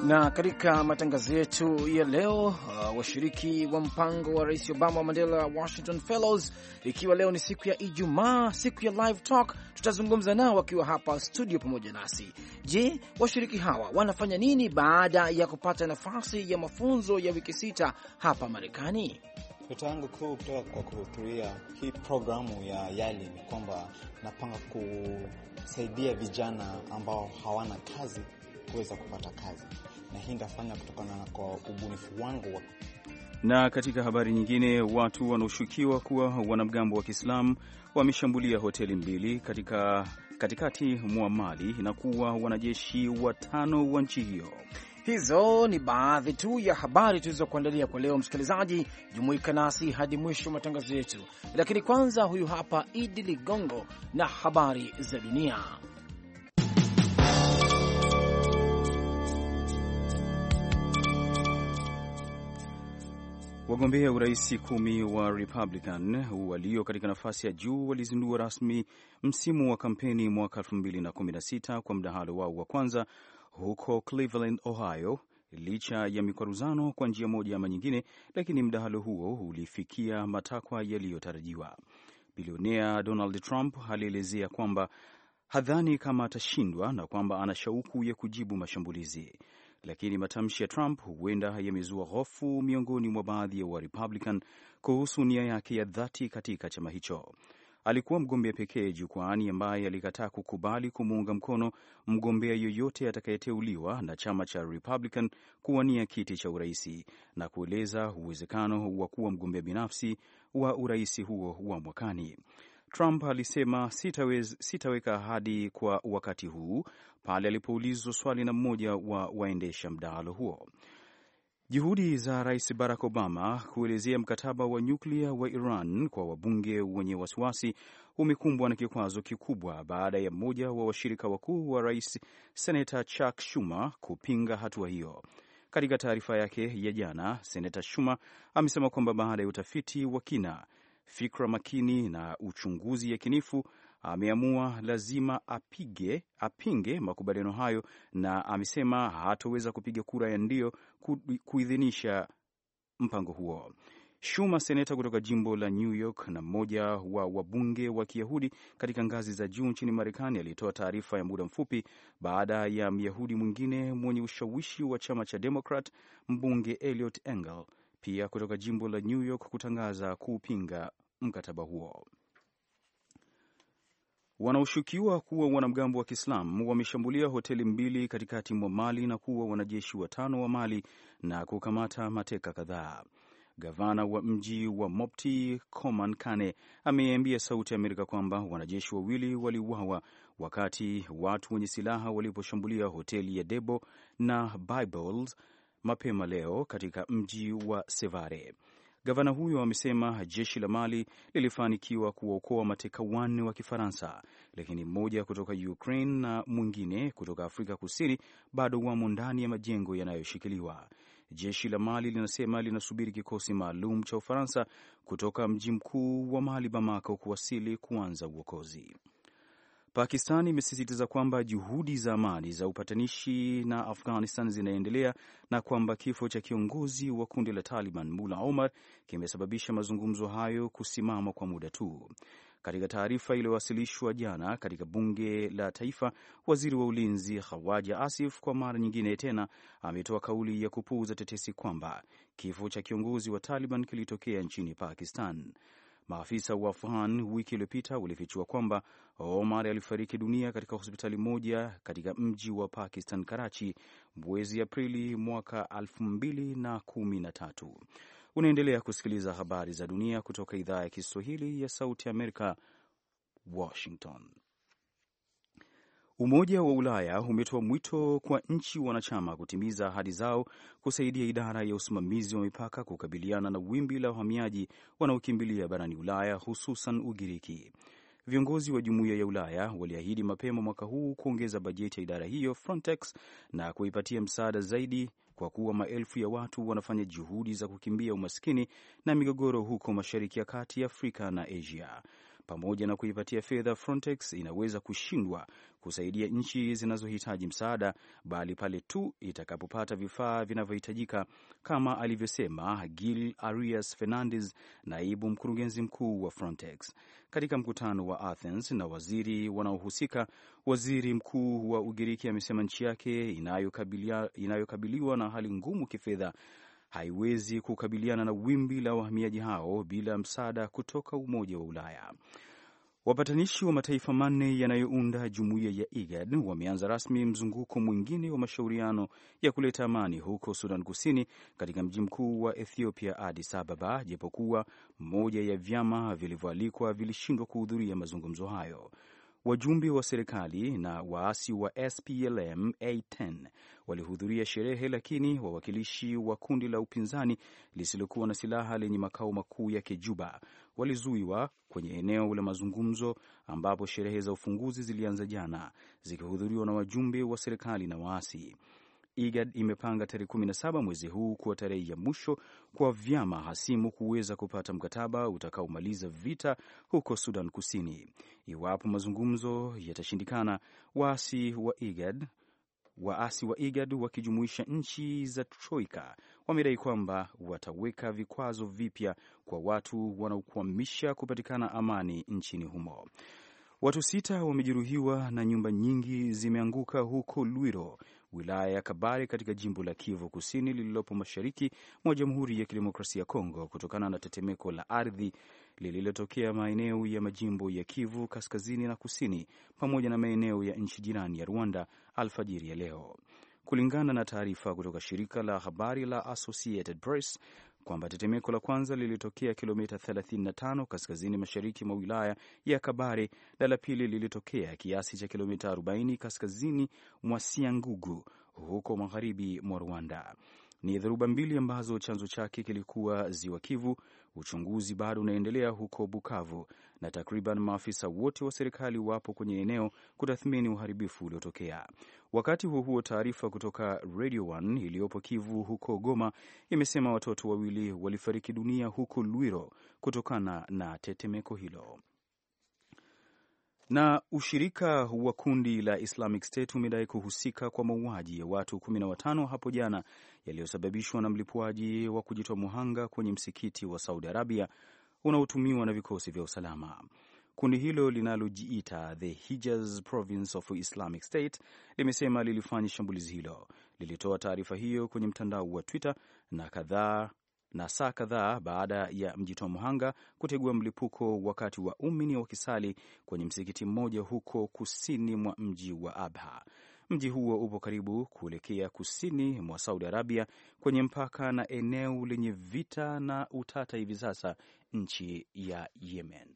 Na katika matangazo yetu ya leo uh, washiriki wa mpango wa Rais Obama wa Mandela Washington Fellows, ikiwa leo ni siku ya Ijumaa, siku ya live talk, tutazungumza nao wakiwa hapa studio pamoja nasi. Je, washiriki hawa wanafanya nini baada ya kupata nafasi ya mafunzo ya wiki sita hapa Marekani? Wito yangu kuu kutoka kwa kuhudhuria hii programu ya YALI ni kwamba napanga kusaidia vijana ambao hawana kazi kuweza kupata kazi na hii ndafanya kutokana na kwa ubunifu wangu wa na katika habari nyingine, watu wanaoshukiwa kuwa wanamgambo wa Kiislamu wameshambulia hoteli mbili katika katikati mwa Mali na kuwa wanajeshi watano wa nchi hiyo. Hizo ni baadhi tu ya habari tulizokuandalia kwa leo. Msikilizaji, jumuika nasi hadi mwisho wa matangazo yetu, lakini kwanza, huyu hapa Idi Ligongo na habari za dunia. Wagombea urais kumi wa Republican walio katika nafasi ya juu walizindua rasmi msimu wa kampeni mwaka 2016 kwa mdahalo wao wa kwanza huko Cleveland, Ohio. Licha ya mikwaruzano kwa njia moja ama nyingine, lakini mdahalo huo ulifikia matakwa yaliyotarajiwa. Bilionea Donald Trump alielezea kwamba hadhani kama atashindwa na kwamba ana shauku ya kujibu mashambulizi lakini matamshi ya Trump huenda yamezua hofu miongoni mwa baadhi ya Warepublican kuhusu nia yake ya dhati katika chama hicho. Alikuwa mgombea pekee jukwaani ambaye alikataa kukubali kumuunga mkono mgombea yoyote atakayeteuliwa na chama cha Republican kuwania kiti cha uraisi na kueleza uwezekano wa kuwa mgombea binafsi wa uraisi huo wa mwakani. Trump alisema sitawez, sitaweka ahadi kwa wakati huu, pale alipoulizwa swali na mmoja wa waendesha mdahalo huo. Juhudi za Rais Barack Obama kuelezea mkataba wa nyuklia wa Iran kwa wabunge wenye wasiwasi umekumbwa na kikwazo kikubwa baada ya mmoja wa washirika wakuu wa rais, Senata Chuck Schumer kupinga hatua hiyo. Katika taarifa yake ya jana, Senata Schumer amesema kwamba baada ya utafiti wa kina, fikra makini na uchunguzi yakinifu ameamua lazima apige, apinge makubaliano hayo, na amesema hatoweza kupiga kura ya ndio kuidhinisha mpango huo. Shuma, seneta kutoka jimbo la New York na mmoja wa wabunge wa Kiyahudi katika ngazi za juu nchini Marekani, alitoa taarifa ya muda mfupi baada ya Myahudi mwingine mwenye ushawishi wa chama cha Demokrat, mbunge Eliot Engel, pia kutoka jimbo la New York kutangaza kuupinga mkataba huo wanaoshukiwa kuwa wanamgambo wa Kiislamu wameshambulia hoteli mbili katikati mwa Mali na kuwa wanajeshi watano wa Mali na kukamata mateka kadhaa. Gavana wa mji wa Mopti Koman Kane ameiambia Sauti ya Amerika kwamba wanajeshi wawili waliuawa wakati watu wenye silaha waliposhambulia hoteli ya Debo na Bibles mapema leo katika mji wa Sevare. Gavana huyo amesema jeshi la Mali lilifanikiwa kuwaokoa mateka wanne wa Kifaransa, lakini mmoja kutoka Ukraine na mwingine kutoka Afrika Kusini bado wamo ndani ya majengo yanayoshikiliwa. Jeshi la Mali linasema linasubiri kikosi maalum cha Ufaransa kutoka mji mkuu wa Mali, Bamako, kuwasili kuanza uokozi. Pakistan imesisitiza kwamba juhudi za amani za upatanishi na Afghanistan zinaendelea na kwamba kifo cha kiongozi wa kundi la Taliban Mula Omar kimesababisha mazungumzo hayo kusimama kwa muda tu. Katika taarifa iliyowasilishwa jana katika bunge la taifa, waziri wa ulinzi Khawaja Asif kwa mara nyingine tena ametoa kauli ya kupuuza tetesi kwamba kifo cha kiongozi wa Taliban kilitokea nchini Pakistan. Maafisa wa Afghan wiki iliyopita walifichua kwamba Omar alifariki dunia katika hospitali moja katika mji wa Pakistan, Karachi, mwezi Aprili mwaka elfu na kumi na tatu. Unaendelea kusikiliza habari za dunia kutoka idhaa ya Kiswahili ya Sauti Amerika, Washington. Umoja wa Ulaya umetoa mwito kwa nchi wanachama kutimiza ahadi zao kusaidia idara ya usimamizi wa mipaka kukabiliana na wimbi la wahamiaji wanaokimbilia barani Ulaya, hususan Ugiriki. Viongozi wa jumuiya ya Ulaya waliahidi mapema mwaka huu kuongeza bajeti ya idara hiyo Frontex na kuipatia msaada zaidi, kwa kuwa maelfu ya watu wanafanya juhudi za kukimbia umaskini na migogoro huko Mashariki ya Kati, Afrika na Asia pamoja na kuipatia fedha Frontex inaweza kushindwa kusaidia nchi zinazohitaji msaada, bali pale tu itakapopata vifaa vinavyohitajika, kama alivyosema Gil Arias Fernandez, naibu mkurugenzi mkuu wa Frontex katika mkutano wa Athens na waziri wanaohusika. Waziri mkuu wa Ugiriki amesema nchi yake inayokabiliwa na hali ngumu kifedha haiwezi kukabiliana na wimbi la wahamiaji hao bila msaada kutoka Umoja wa Ulaya. Wapatanishi wa mataifa manne yanayounda jumuiya ya IGAD wameanza rasmi mzunguko mwingine wa mashauriano ya kuleta amani huko Sudan Kusini, katika mji mkuu wa Ethiopia, Addis Ababa, japokuwa moja ya vyama vilivyoalikwa vilishindwa kuhudhuria mazungumzo hayo. Wajumbe wa serikali na waasi wa SPLM A10 walihudhuria sherehe, lakini wawakilishi wa kundi la upinzani lisilokuwa na silaha lenye makao makuu yake Juba walizuiwa kwenye eneo la mazungumzo ambapo sherehe za ufunguzi zilianza jana zikihudhuriwa na wajumbe wa serikali na waasi. IGAD imepanga tarehe 17 mwezi huu kuwa tarehe ya mwisho kwa vyama hasimu kuweza kupata mkataba utakaomaliza vita huko Sudan Kusini. Iwapo mazungumzo yatashindikana, waasi wa IGAD waasi wa IGAD wakijumuisha nchi za Troika wamedai kwamba wataweka vikwazo vipya kwa watu wanaokwamisha kupatikana amani nchini humo. Watu sita wamejeruhiwa na nyumba nyingi zimeanguka huko Lwiro wilaya ya Kabare katika jimbo la Kivu Kusini lililopo mashariki mwa Jamhuri ya Kidemokrasia ya Kongo kutokana na tetemeko la ardhi lililotokea maeneo ya majimbo ya Kivu Kaskazini na Kusini pamoja na maeneo ya nchi jirani ya Rwanda alfajiri ya leo. Kulingana na taarifa kutoka shirika la habari la Associated Press, kwamba tetemeko la kwanza lilitokea kilomita 35 kaskazini mashariki mwa wilaya ya Kabare na la pili lilitokea kiasi cha kilomita 40 kaskazini mwa Siangugu huko magharibi mwa Rwanda. Ni dhoruba mbili ambazo chanzo chake kilikuwa ziwa Kivu. Uchunguzi bado unaendelea huko Bukavu na takriban maafisa wote wa serikali wapo kwenye eneo kutathmini uharibifu uliotokea. Wakati huo huo, taarifa kutoka Radio 1 iliyopo Kivu huko Goma imesema watoto wawili walifariki dunia huko Lwiro kutokana na tetemeko hilo na ushirika wa kundi la Islamic State umedai kuhusika kwa mauaji ya watu 15 hapo jana yaliyosababishwa na mlipuaji wa kujitoa muhanga kwenye msikiti wa Saudi Arabia unaotumiwa na vikosi vya usalama. Kundi hilo linalojiita The Hijaz Province of Islamic State limesema lilifanya shambulizi hilo. Lilitoa taarifa hiyo kwenye mtandao wa Twitter na kadhaa na saa kadhaa baada ya mjitoa muhanga kutegua mlipuko wakati wa umini wa kisali kwenye msikiti mmoja huko kusini mwa mji wa Abha. Mji huo upo karibu kuelekea kusini mwa Saudi Arabia kwenye mpaka na eneo lenye vita na utata hivi sasa nchi ya Yemen.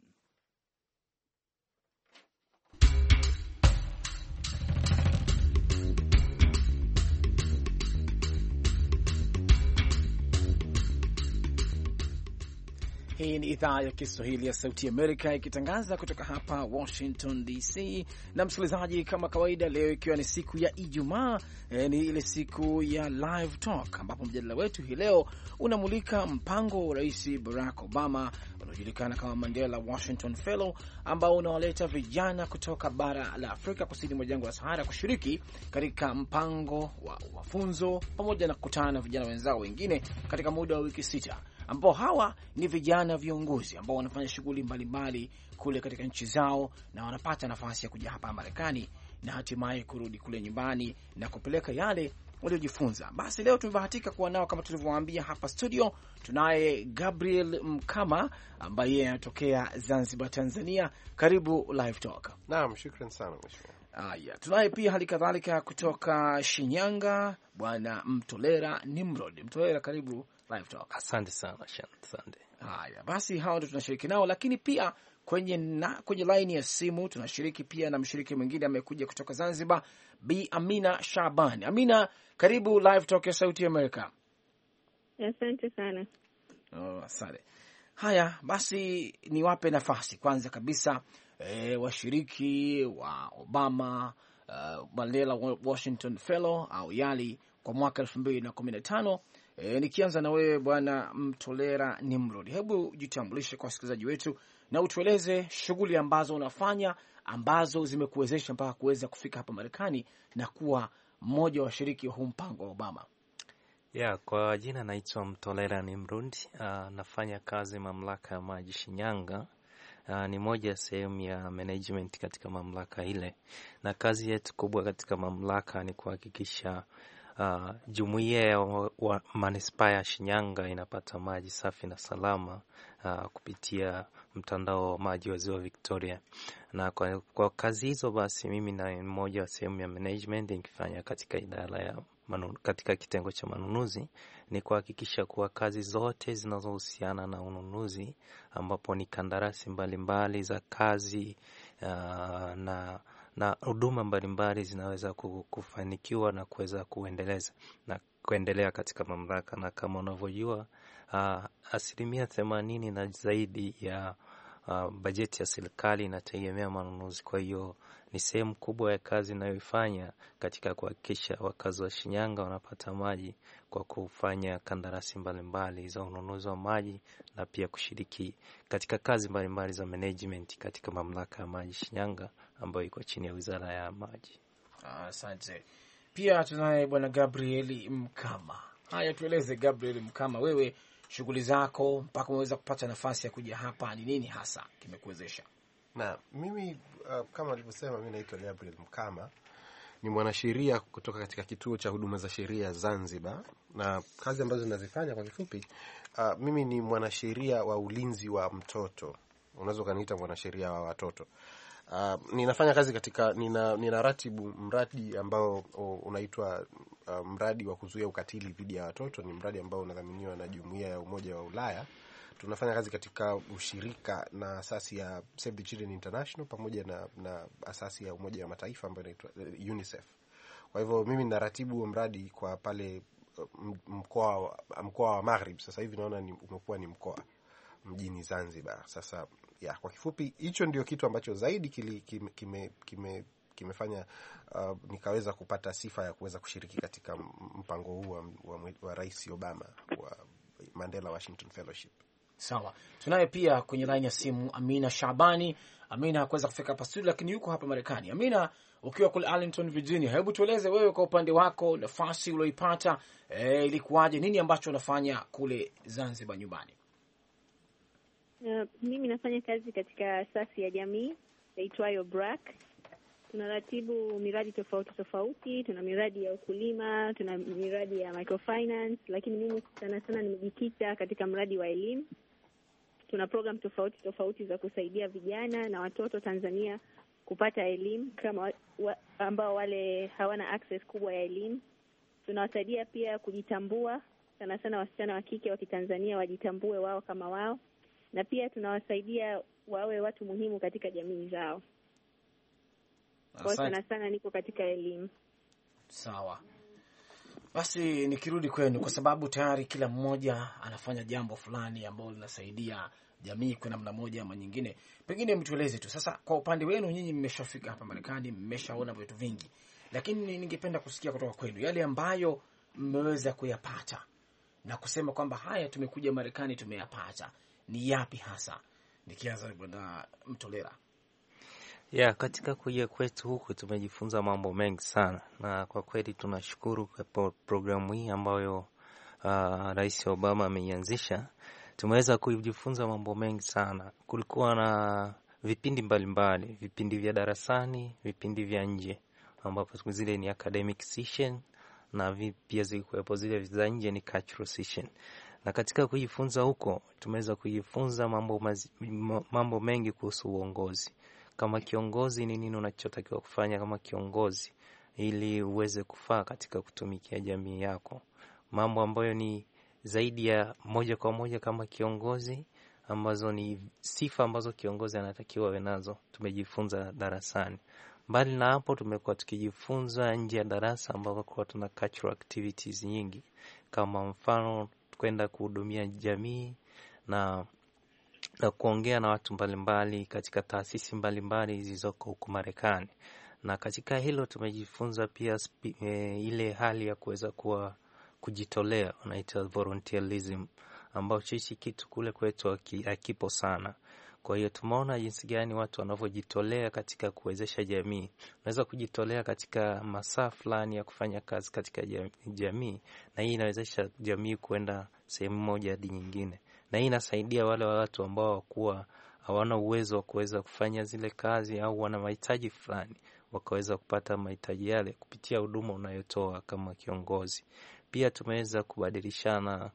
Hii ni idhaa ya Kiswahili ya Sauti Amerika ikitangaza kutoka hapa Washington DC. Na msikilizaji, kama kawaida, leo ikiwa ni siku ya Ijumaa eh, ni ile siku ya Live Talk ambapo mjadala wetu hii leo unamulika mpango wa Rais Barack Obama unaojulikana kama Mandela Washington Fellow ambao unawaleta vijana kutoka bara la Afrika kusini mwa jangwa la Sahara kushiriki katika mpango wa mafunzo pamoja na kukutana na vijana wenzao wengine katika muda wa wiki sita ambao hawa ni vijana viongozi ambao wanafanya shughuli mbalimbali kule katika nchi zao na wanapata nafasi ya kuja hapa Marekani na hatimaye kurudi kule nyumbani na kupeleka yale waliojifunza. Basi leo tumebahatika kuwa nao kama tulivyowaambia hapa studio. Tunaye Gabriel Mkama ambaye yeye anatokea Zanzibar, Tanzania. Karibu Live Talk. Naam, shukran sana mheshimiwa. Haya, tunaye pia hali kadhalika kutoka Shinyanga, bwana Mtolera Nimrod. Mtolera, karibu Live Talk. Asante sana asante. Haya basi, hao ndio tunashiriki nao, lakini pia kwenye na, kwenye laini ya simu tunashiriki pia na mshiriki mwingine amekuja kutoka Zanzibar, Bi Amina Shaban. Amina, karibu Live Talk ya Sauti Amerika. Asante sana. Oh, asante. Haya basi, niwape nafasi kwanza kabisa e, washiriki wa Obama uh, Mandela Washington Fellow au YALI kwa mwaka elfu mbili na kumi na tano E, nikianza na wewe Bwana Mtolera Nimrod, hebu jitambulishe kwa wasikilizaji wetu na utueleze shughuli ambazo unafanya ambazo zimekuwezesha mpaka kuweza kufika hapa Marekani na kuwa mmoja wa washiriki wa huu mpango wa Obama. Ya, kwa jina naitwa Mtolera Nimrod. Uh, nafanya kazi mamlaka ya maji Shinyanga. Uh, ni moja ya sehemu ya management katika mamlaka ile, na kazi yetu kubwa katika mamlaka ni kuhakikisha Uh, jumuiya ya wa, manispaa ya Shinyanga inapata maji safi na salama uh, kupitia mtandao wa maji wa Ziwa Victoria, na kwa, kwa kazi hizo basi mimi na mmoja wa sehemu ya management nikifanya katika idara ya manu, katika kitengo cha manunuzi ni kuhakikisha kuwa kazi zote zinazohusiana na ununuzi ambapo ni kandarasi mbalimbali mbali za kazi uh, na na huduma mbalimbali zinaweza kufanikiwa na kuweza kuendeleza na kuendelea katika mamlaka, na kama unavyojua uh, asilimia themanini na zaidi ya uh, bajeti ya serikali inategemea manunuzi. Kwa hiyo ni sehemu kubwa ya kazi inayoifanya katika kuhakikisha wakazi wa Shinyanga wanapata maji kwa kufanya kandarasi mbalimbali za ununuzi wa maji na pia kushiriki katika kazi mbalimbali mbali za management katika mamlaka ya maji Shinyanga ambayo iko chini ya wizara ya maji. Asante. pia tunaye bwana Gabrieli Mkama. Haya, tueleze Gabriel Mkama, wewe shughuli zako mpaka umeweza kupata nafasi ya kuja hapa, ni nini hasa kimekuwezesha? Na mimi uh, kama alivyosema, mi naitwa Gabriel Mkama, ni mwanasheria kutoka katika kituo cha huduma za sheria Zanzibar, na kazi ambazo nazifanya kwa kifupi, uh, mimi ni mwanasheria wa ulinzi wa mtoto, unaweza ukaniita mwanasheria wa watoto. Uh, ninafanya kazi katika nina, nina ratibu mradi ambao unaitwa uh, mradi wa kuzuia ukatili dhidi ya watoto. Ni mradi ambao unadhaminiwa na Jumuiya ya Umoja wa Ulaya. Tunafanya kazi katika ushirika na asasi ya Save the Children International pamoja na, na asasi ya Umoja wa Mataifa ambayo inaitwa eh, UNICEF. Kwa hivyo mimi ninaratibu mradi kwa pale mkoa wa Maghrib. Sasa hivi naona umekuwa ni mkoa mjini Zanzibar. Sasa ya, kwa kifupi hicho ndio kitu ambacho zaidi kime, kime, kime kimefanya uh, nikaweza kupata sifa ya kuweza kushiriki katika mpango huu wa, wa, wa Rais Obama wa Mandela Washington Fellowship. Sawa, tunaye pia kwenye laini ya simu Amina Shabani. Amina hakuweza kufika hapa studio, lakini yuko hapa Marekani. Amina, ukiwa kule Arlington, Virginia, hebu tueleze wewe kwa upande wako nafasi ulioipata, e, eh, ilikuwaje? Nini ambacho unafanya kule Zanzibar nyumbani? Uh, mimi nafanya kazi katika asasi ya jamii inaitwayo BRAC. Tunaratibu miradi tofauti tofauti, tuna miradi ya ukulima, tuna miradi ya microfinance, lakini mimi sana sana nimejikita katika mradi wa elimu. Tuna program tofauti tofauti za kusaidia vijana na watoto Tanzania kupata elimu kama wa, wa, ambao wale hawana access kubwa ya elimu. Tunawasaidia pia kujitambua, sana sana wasichana wa kike wa Kitanzania wajitambue wao kama wao na pia tunawasaidia wawe watu muhimu katika jamii zao. Kwa sana sana niko katika elimu. Sawa. Basi nikirudi kwenu, kwa sababu tayari kila mmoja anafanya jambo fulani ambalo linasaidia jamii kwa namna moja ama nyingine, pengine mtueleze tu sasa, kwa upande wenu nyinyi, mmeshafika hapa Marekani, mmeshaona vitu vingi, lakini ningependa kusikia kutoka kwenu yale ambayo mmeweza kuyapata na kusema kwamba haya, tumekuja Marekani tumeyapata, ni yapi hasa? Nikianza bwana Mtolera. Yeah, katika kuja kwetu huku tumejifunza mambo mengi sana, na kwa kweli tunashukuru kwa programu hii ambayo uh, Rais Obama ameianzisha. Tumeweza kujifunza mambo mengi sana. Kulikuwa na vipindi mbalimbali mbali, vipindi vya darasani, vipindi vya nje ambapo zile ni academic session na pia zilikuwepo zile za nje ni cultural session na katika kujifunza huko tumeweza kujifunza mambo, mazi, mambo mengi kuhusu uongozi. Kama kiongozi ni nini unachotakiwa kufanya kama kiongozi ili uweze kufaa katika kutumikia jamii yako, mambo ambayo ni zaidi ya moja kwa moja kama kiongozi, ambazo ni sifa ambazo kiongozi anatakiwa awe nazo, tumejifunza darasani. Mbali na hapo, tumekuwa tukijifunza nje ya darasa, ambapo kwa tuna cultural activities nyingi, kama mfano kwenda kuhudumia jamii na, na kuongea na watu mbalimbali katika taasisi mbalimbali zilizoko huko Marekani, na katika hilo tumejifunza pia spi, e, ile hali ya kuweza kuwa kujitolea unaita volunteerism, ambao chichi kitu kule kwetu akipo sana kwa hiyo tumeona jinsi gani watu wanavyojitolea katika kuwezesha jamii. Unaweza kujitolea katika masaa fulani ya kufanya kazi katika jamii, na hii inawezesha jamii kuenda sehemu moja hadi nyingine, na hii inasaidia wale watu ambao wakuwa hawana uwezo wa kuweza kufanya zile kazi au wana mahitaji fulani wakaweza kupata mahitaji yale kupitia huduma unayotoa kama kiongozi. Pia tumeweza kubadilishana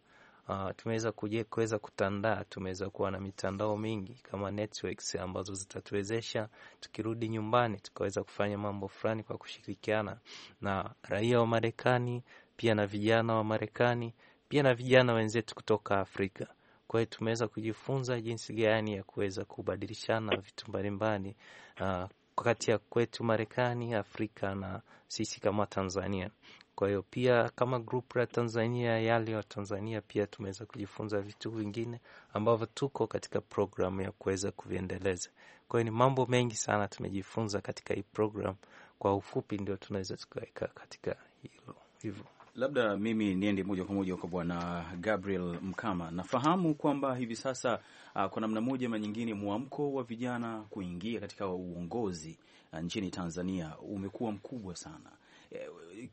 Uh, tumeweza kuweza kutandaa, tumeweza kuwa na mitandao mingi kama networks ambazo zitatuwezesha tukirudi nyumbani tukaweza kufanya mambo fulani kwa kushirikiana na raia wa Marekani, pia na vijana wa Marekani, pia na vijana wenzetu kutoka Afrika. Kwa hiyo tumeweza kujifunza jinsi gani ya kuweza kubadilishana vitu mbalimbali uh, kati ya kwetu Marekani, Afrika na sisi kama Tanzania. Kwa hiyo pia kama grup la Tanzania yale wa Tanzania pia tumeweza kujifunza vitu vingine ambavyo tuko katika programu ya kuweza kuviendeleza. Kwa hiyo ni mambo mengi sana tumejifunza katika hii program. Kwa ufupi ndio tunaweza tukaweka katika hilo hivyo. Labda mimi niende moja kwa moja kwa Bwana Gabriel Mkama. Nafahamu kwamba hivi sasa uh, kwa namna moja ama nyingine mwamko wa vijana kuingia katika uongozi uh, nchini Tanzania umekuwa mkubwa sana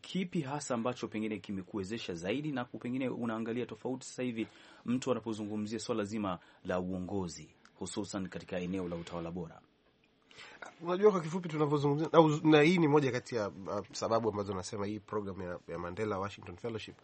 kipi hasa ambacho pengine kimekuwezesha zaidi, na pengine unaangalia tofauti sasa hivi mtu anapozungumzia swala zima la uongozi, hususan katika eneo la utawala bora? Unajua, kwa kifupi tunavyozungumzia na, na hii ni moja kati ya uh, sababu ambazo nasema hii program ya, ya Mandela Washington Fellowship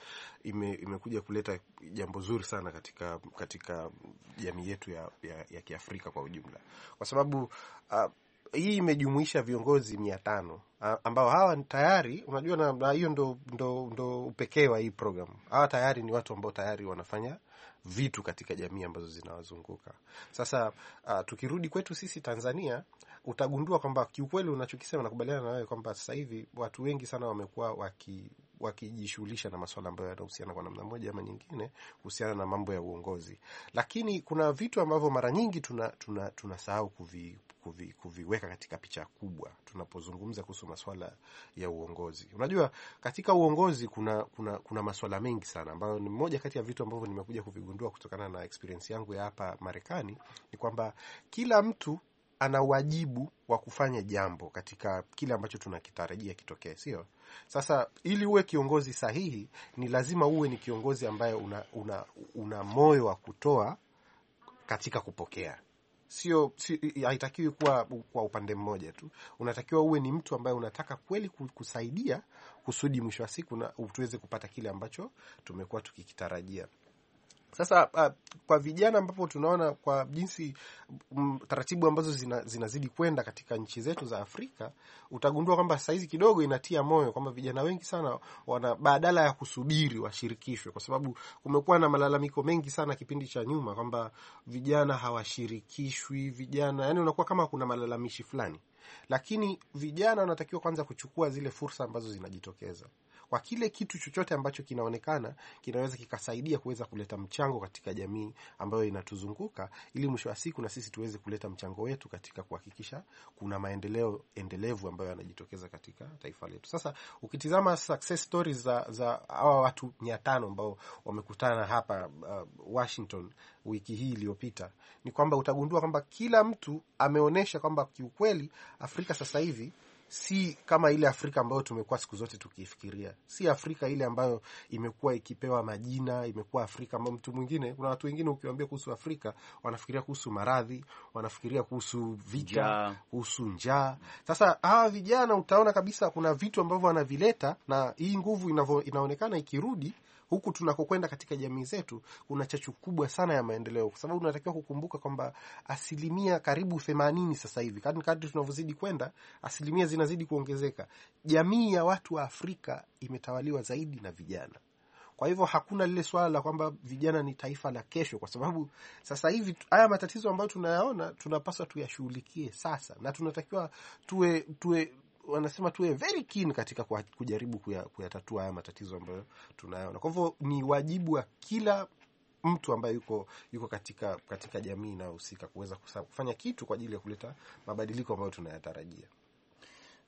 ime, imekuja kuleta jambo zuri sana katika katika jamii yetu ya, ya, ya Kiafrika kwa ujumla, kwa sababu uh, hii imejumuisha viongozi mia tano ambao hawa tayari unajua na hiyo ndo, ndo, ndo upekee wa hii programu. Hawa tayari ni watu ambao tayari wanafanya vitu katika jamii ambazo zinawazunguka. Sasa uh, tukirudi kwetu sisi Tanzania utagundua kwamba kiukweli, unachokisema nakubaliana na wewe kwamba sasa hivi watu wengi sana wamekuwa waki wakijishughulisha na maswala ambayo yanahusiana kwa namna moja ama nyingine kuhusiana na mambo ya uongozi, lakini kuna vitu ambavyo mara nyingi tunasahau tuna, tuna kuvi, kuvi, kuviweka katika picha kubwa tunapozungumza kuhusu maswala ya uongozi. Unajua, katika uongozi kuna, kuna, kuna maswala mengi sana ambayo ni moja kati ya vitu ambavyo nimekuja kuvigundua kutokana na experience yangu ya hapa Marekani ni kwamba kila mtu ana wajibu wa kufanya jambo katika kile ambacho tunakitarajia kitokee, sio? Sasa ili uwe kiongozi sahihi, ni lazima uwe ni kiongozi ambaye una, una, una moyo wa kutoa katika kupokea sio, haitakiwi kuwa kwa upande mmoja tu. Unatakiwa uwe ni mtu ambaye unataka kweli kusaidia kusudi mwisho wa siku na tuweze kupata kile ambacho tumekuwa tukikitarajia. Sasa uh, kwa vijana ambapo tunaona kwa jinsi m, mm, taratibu ambazo zina, zinazidi kwenda katika nchi zetu za Afrika, utagundua kwamba saizi kidogo inatia moyo kwamba vijana wengi sana wana badala ya kusubiri washirikishwe, kwa sababu kumekuwa na malalamiko mengi sana kipindi cha nyuma kwamba vijana hawashirikishwi, vijana yani unakuwa kama kuna malalamishi fulani, lakini vijana wanatakiwa kwanza kuchukua zile fursa ambazo zinajitokeza kwa kile kitu chochote ambacho kinaonekana kinaweza kikasaidia kuweza kuleta mchango katika jamii ambayo inatuzunguka, ili mwisho wa siku na sisi tuweze kuleta mchango wetu katika kuhakikisha kuna maendeleo endelevu ambayo yanajitokeza katika taifa letu. Sasa ukitizama success stories za za hawa watu mia tano ambao wamekutana hapa uh, Washington wiki hii iliyopita ni kwamba utagundua kwamba kila mtu ameonyesha kwamba kiukweli Afrika sasa hivi si kama ile Afrika ambayo tumekuwa siku zote tukiifikiria, si Afrika ile ambayo imekuwa ikipewa majina, imekuwa Afrika ambayo mtu mwingine, kuna watu wengine ukiwaambia kuhusu Afrika wanafikiria kuhusu maradhi, wanafikiria kuhusu vita ja, kuhusu njaa. Sasa hawa vijana utaona kabisa kuna vitu ambavyo wanavileta, na hii nguvu inavyo, inaonekana ikirudi huku tunakokwenda katika jamii zetu, kuna chachu kubwa sana ya maendeleo, kwa sababu tunatakiwa kukumbuka kwamba asilimia karibu themanini sasa hivi, kadri tunavyozidi kwenda, asilimia zinazidi kuongezeka. Jamii ya watu wa Afrika imetawaliwa zaidi na vijana. Kwa hivyo hakuna lile swala la kwamba vijana ni taifa la kesho, kwa sababu sasa hivi haya matatizo ambayo tunayaona tunapaswa tuyashughulikie sasa, na tunatakiwa tuwe, tuwe wanasema tuwe very keen katika kujaribu kuyatatua haya matatizo ambayo tunayaona. Kwa hivyo ni wajibu wa kila mtu ambaye yuko yuko katika katika jamii inayohusika kuweza kufanya kitu kwa ajili ya kuleta mabadiliko ambayo tunayatarajia.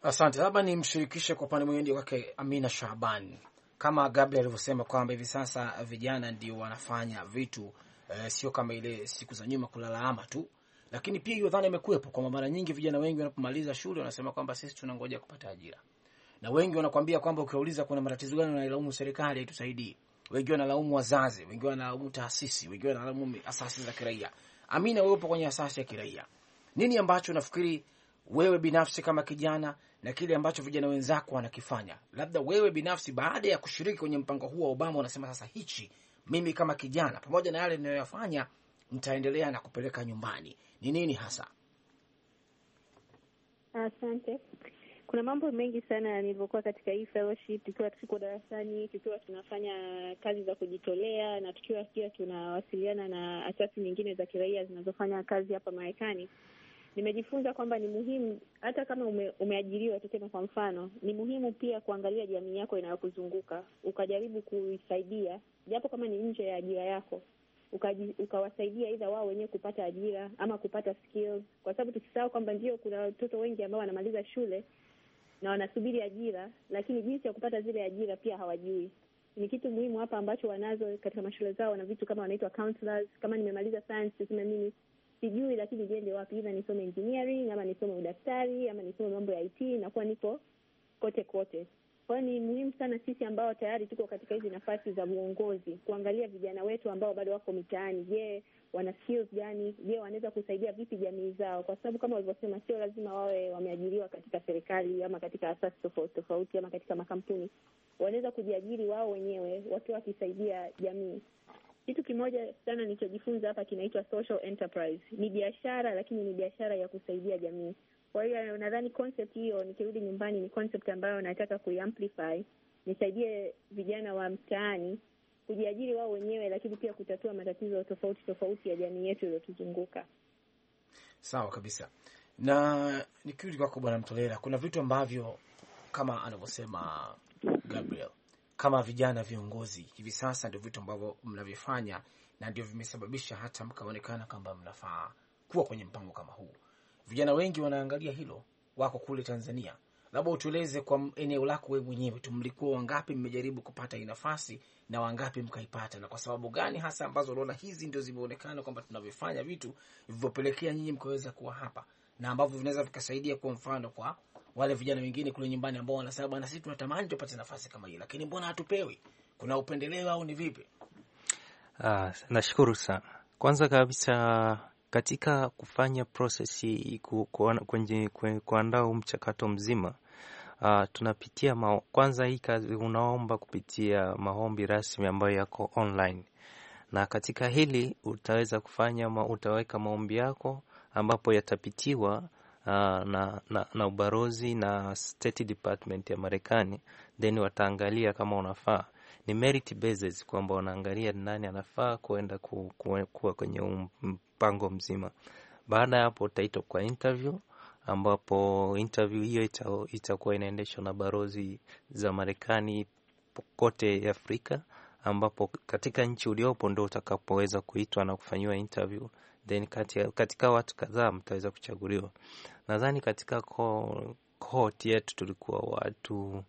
Asante. Labda nimshirikishe kwa upande mwingine wake Amina Shaban, kama Gabriel alivyosema kwamba hivi sasa vijana ndio wanafanya vitu eh, sio kama ile siku za nyuma kulalaama tu lakini pia hiyo dhana imekuwepo kwamba mara nyingi vijana wengi wanapomaliza shule wanasema kwamba sisi tunangoja kupata ajira, na wengi wanakwambia kwamba ukiwauliza kuna matatizo gani, wanailaumu serikali haitusaidii, wengi wanalaumu wazazi, wengi wanalaumu taasisi, wengi wanalaumu asasi za kiraia. Amina, wewe upo kwenye asasi ya kiraia, nini ambacho unafikiri wewe binafsi kama kijana na kile ambacho vijana wenzako wanakifanya, labda wewe binafsi baada ya kushiriki kwenye mpango huu wa Obama unasema sasa, hichi mimi kama kijana, pamoja na yale ninayoyafanya, nitaendelea na kupeleka nyumbani ni nini hasa? Asante. Kuna mambo mengi sana nilivyokuwa katika hii fellowship, tukiwa tuko darasani, tukiwa tunafanya kazi za kujitolea na tukiwa pia tunawasiliana na asasi nyingine za kiraia zinazofanya kazi hapa Marekani, nimejifunza kwamba ni muhimu hata kama ume, umeajiriwa tuseme kwa mfano, ni muhimu pia kuangalia jamii yako inayokuzunguka ukajaribu kuisaidia, japo kama ni nje ya ajira yako, ukawasaidia idha wao wenyewe kupata ajira ama kupata skills, kwa sababu tusisahau kwamba ndio kuna watoto wengi ambao wanamaliza shule na wanasubiri ajira, lakini jinsi ya kupata zile ajira pia hawajui. Ni kitu muhimu hapa ambacho wanazo katika mashule zao, wana vitu kama wanaitwa counselors. Kama nimemaliza science tuseme mimi sijui, lakini niende wapi? Ila nisome engineering ama nisome udaktari ama nisome mambo ya IT, nakuwa niko kote kote. Kwa hiyo ni muhimu sana sisi ambao tayari tuko katika hizi nafasi za uongozi kuangalia vijana wetu ambao bado wako mitaani. Je, wana skills gani? Je, wanaweza kusaidia vipi jamii zao? Kwa sababu kama walivyosema, sio lazima wawe wameajiriwa katika serikali ama katika asasi tofauti tofauti ama katika makampuni. Wanaweza kujiajiri wao wenyewe wakiwa wakisaidia jamii. Kitu kimoja sana nilichojifunza hapa kinaitwa social enterprise. Ni biashara, lakini ni biashara ya kusaidia jamii. Kwa hiyo eh, nadhani concept hiyo, nikirudi nyumbani, ni concept ambayo nataka kuiamplify, nisaidie vijana wa mtaani kujiajiri wao wenyewe, lakini pia kutatua matatizo tofauti tofauti ya jamii yetu iliyotuzunguka. Sawa kabisa. Na nikirudi kwako Bwana Mtolera, kuna vitu ambavyo kama anavyosema Gabriel, kama vijana viongozi hivi sasa ndio vitu ambavyo mnavifanya na ndio vimesababisha hata mkaonekana kwamba mnafaa kuwa kwenye mpango kama huu. Vijana wengi wanaangalia hilo, wako kule Tanzania. Labda utueleze kwa eneo lako wewe mwenyewe tu, mlikuwa wangapi mmejaribu kupata hii nafasi na wangapi mkaipata, na kwa sababu gani hasa ambazo unaona hizi ndio zimeonekana kwamba tunavyofanya vitu vilivyopelekea nyinyi mkaweza kuwa hapa na ambavyo vinaweza vikasaidia, kwa mfano kwa wale vijana wengine kule nyumbani ambao wanasema bwana, sisi tunatamani tupate nafasi kama hii, lakini mbona hatupewi? Kuna upendeleo au ni vipi? Ah, nashukuru sana. Kwanza kabisa katika kufanya prosesi kwenye kuandaa mchakato mzima uh, tunapitia mao, kwanza hii kazi unaomba kupitia maombi rasmi ambayo yako online, na katika hili utaweza kufanya ma, utaweka maombi yako ambapo yatapitiwa uh, na, na, na ubarozi na State Department ya Marekani, then wataangalia kama unafaa ni merit basis kwamba wanaangalia nani anafaa kuenda kuwa kwenye mpango mzima. Baada ya hapo utaitwa kwa interview, ambapo interview hiyo itakuwa ita inaendeshwa na barozi za Marekani kote Afrika, ambapo katika nchi uliopo ndo utakapoweza kuitwa na kufanyiwa interview, then katika, katika watu kadhaa mtaweza kuchaguliwa. Nadhani katika kohoti yetu tulikuwa watu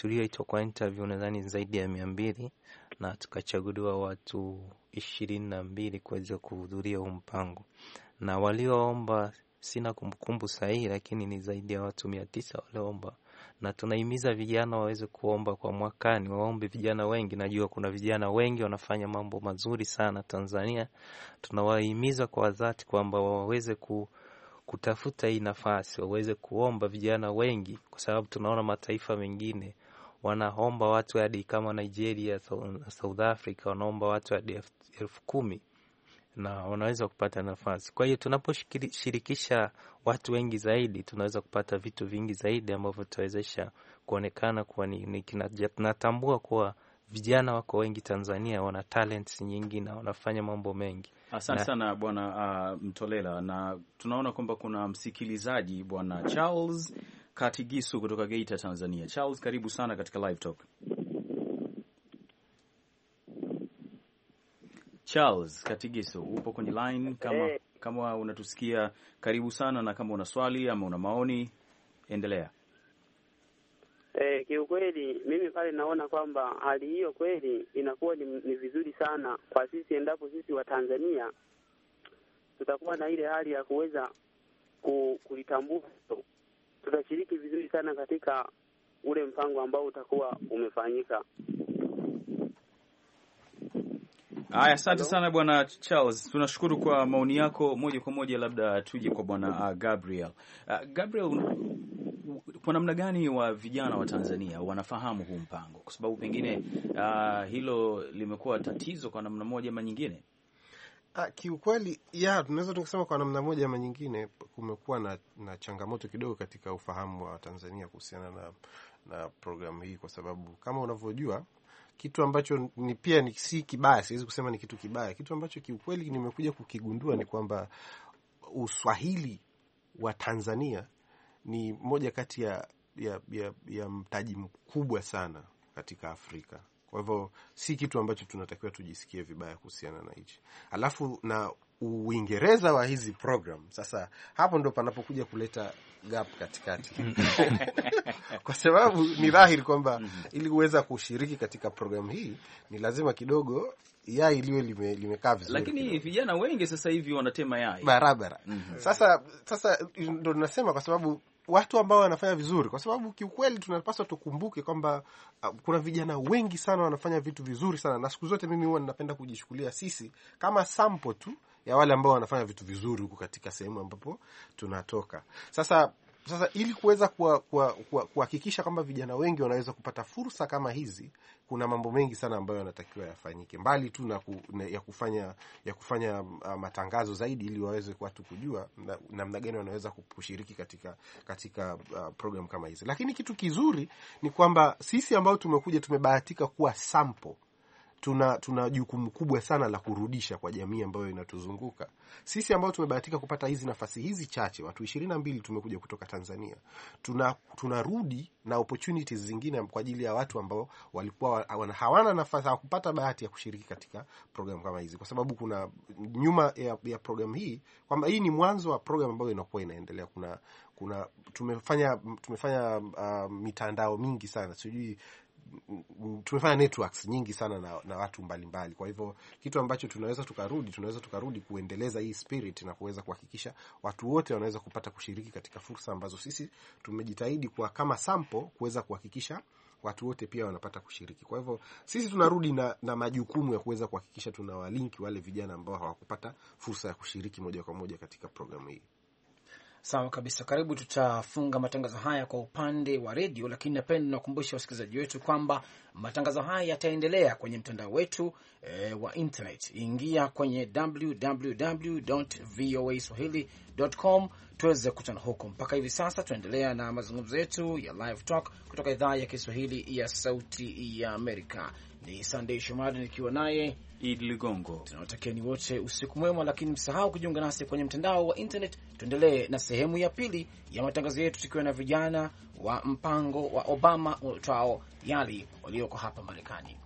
tulioitwa kwa interview nadhani zaidi ya mia mbili na tukachaguliwa watu ishirini na mbili kuweza kuhudhuria huu mpango, na walioomba sina kumbukumbu sahihi, lakini ni zaidi ya watu mia tisa walioomba, na tunahimiza vijana waweze kuomba kwa mwakani, waombe vijana wengi. Najua kuna vijana wengi wanafanya mambo mazuri sana Tanzania. Tunawahimiza kwa dhati kwamba waweze ku kutafuta hii nafasi waweze kuomba vijana wengi, kwa sababu tunaona mataifa mengine wanaomba watu hadi kama Nigeria, South Africa wanaomba watu hadi elfu kumi na wanaweza kupata nafasi. Kwa hiyo tunaposhirikisha watu wengi zaidi, tunaweza kupata vitu vingi zaidi ambavyo tutawezesha kuonekana kuwa ni natambua kuwa vijana wako wengi Tanzania, wana talents nyingi na wanafanya mambo mengi. Asante sana bwana uh, Mtolela, na tunaona kwamba kuna msikilizaji bwana Charles Katigisu kutoka Geita, Tanzania. Charles, karibu sana katika live talk. Charles Katigisu, upo kwenye line kama Kama unatusikia karibu sana, na kama una swali ama una maoni endelea. Eh, kiukweli mimi pale naona kwamba hali hiyo kweli inakuwa ni, ni vizuri sana kwa sisi endapo sisi wa tanzania tutakuwa na ile hali ya kuweza kulitambua tutashiriki vizuri sana katika ule mpango ambao utakuwa umefanyika. Haya, asante sana bwana Charles, tunashukuru kwa maoni yako. Moja kwa moja, labda tuje kwa bwana uh, Gabriel. Uh, Gabriel, kwa namna gani wa vijana wa Tanzania wanafahamu huu mpango? Kwa sababu pengine uh, hilo limekuwa tatizo kwa namna moja ama nyingine. Ah, kiukweli ya tunaweza tukasema kwa namna moja ama nyingine kumekuwa na, na changamoto kidogo katika ufahamu wa Tanzania kuhusiana na, na programu hii, kwa sababu kama unavyojua kitu ambacho ni pia ni si kibaya, siwezi kusema ni kitu kibaya. Kitu ambacho kiukweli nimekuja kukigundua ni kwamba uswahili wa Tanzania ni moja kati ya, ya, ya, ya mtaji mkubwa sana katika Afrika kwa hivyo si kitu ambacho tunatakiwa tujisikie vibaya kuhusiana na hichi. Alafu na Uingereza wa hizi program sasa, hapo ndo panapokuja kuleta gap katikati kwa sababu ni dhahiri kwamba mhm. ili kuweza kushiriki katika programu hii ni lazima kidogo yai liwe limekaa lime vizuri, lakini vijana wengi sasa hivi wanatema yai barabara. mm -hmm. Sasa sasa ndo nasema kwa sababu watu ambao wanafanya vizuri, kwa sababu kiukweli tunapaswa tukumbuke kwamba uh, kuna vijana wengi sana wanafanya vitu vizuri sana, na siku zote mimi huwa ninapenda kujichukulia sisi kama sample tu ya wale ambao wanafanya vitu vizuri huku katika sehemu ambapo tunatoka sasa sasa ili kuweza kuhakikisha kwa, kwa, kwa kwamba vijana wengi wanaweza kupata fursa kama hizi, kuna mambo mengi sana ambayo yanatakiwa yafanyike mbali tu na ku, na, ya kufanya ya kufanya uh, matangazo zaidi ili waweze watu kujua namna gani wanaweza kushiriki katika katika uh, ah, programu kama hizi. Lakini kitu kizuri ni kwamba sisi ambao tumekuja tumebahatika kuwa sample tuna tuna jukumu kubwa sana la kurudisha kwa jamii ambayo inatuzunguka sisi, ambao tumebahatika kupata hizi nafasi hizi chache. Watu ishirini na mbili tumekuja kutoka Tanzania, tuna tunarudi na opportunities zingine kwa ajili ya watu ambao walikuwa hawana nafasi, hawakupata bahati ya kushiriki katika programu kama hizi, kwa sababu kuna nyuma ya, ya programu hii kwamba hii ni mwanzo wa programu ambayo inakuwa inaendelea. Kuna kuna tumefanya tumefanya uh, mitandao mingi sana sijui tumefanya networks nyingi sana na, na watu mbalimbali mbali. Kwa hivyo kitu ambacho tunaweza tukarudi tunaweza tukarudi kuendeleza hii spirit na kuweza kuhakikisha watu wote wanaweza kupata kushiriki katika fursa ambazo sisi tumejitahidi kwa kama sample kuweza kuhakikisha watu wote pia wanapata kushiriki. Kwa hivyo sisi tunarudi na, na majukumu ya kuweza kuhakikisha tunawalinki wale vijana ambao hawakupata fursa ya kushiriki moja kwa moja katika programu hii. Sawa kabisa, karibu. Tutafunga matangazo haya kwa upande wa redio, lakini napenda nakumbusha wasikilizaji wetu kwamba matangazo haya yataendelea kwenye mtandao wetu e, wa internet. Ingia kwenye swahilicom tuweze kukutana huko. Mpaka hivi sasa tunaendelea na mazungumzo yetu ya live talk kutoka idhaa ya Kiswahili ya Sauti ya Amerika. Ni Sandey Shomari nikiwa naye Idi Ligongo. Tunawatakieni wote usiku mwema, lakini msahau kujiunga nasi kwenye mtandao wa internet. Tuendelee na sehemu ya pili ya matangazo yetu tukiwa na vijana wa mpango wa Obama uitwao YALI walioko hapa Marekani.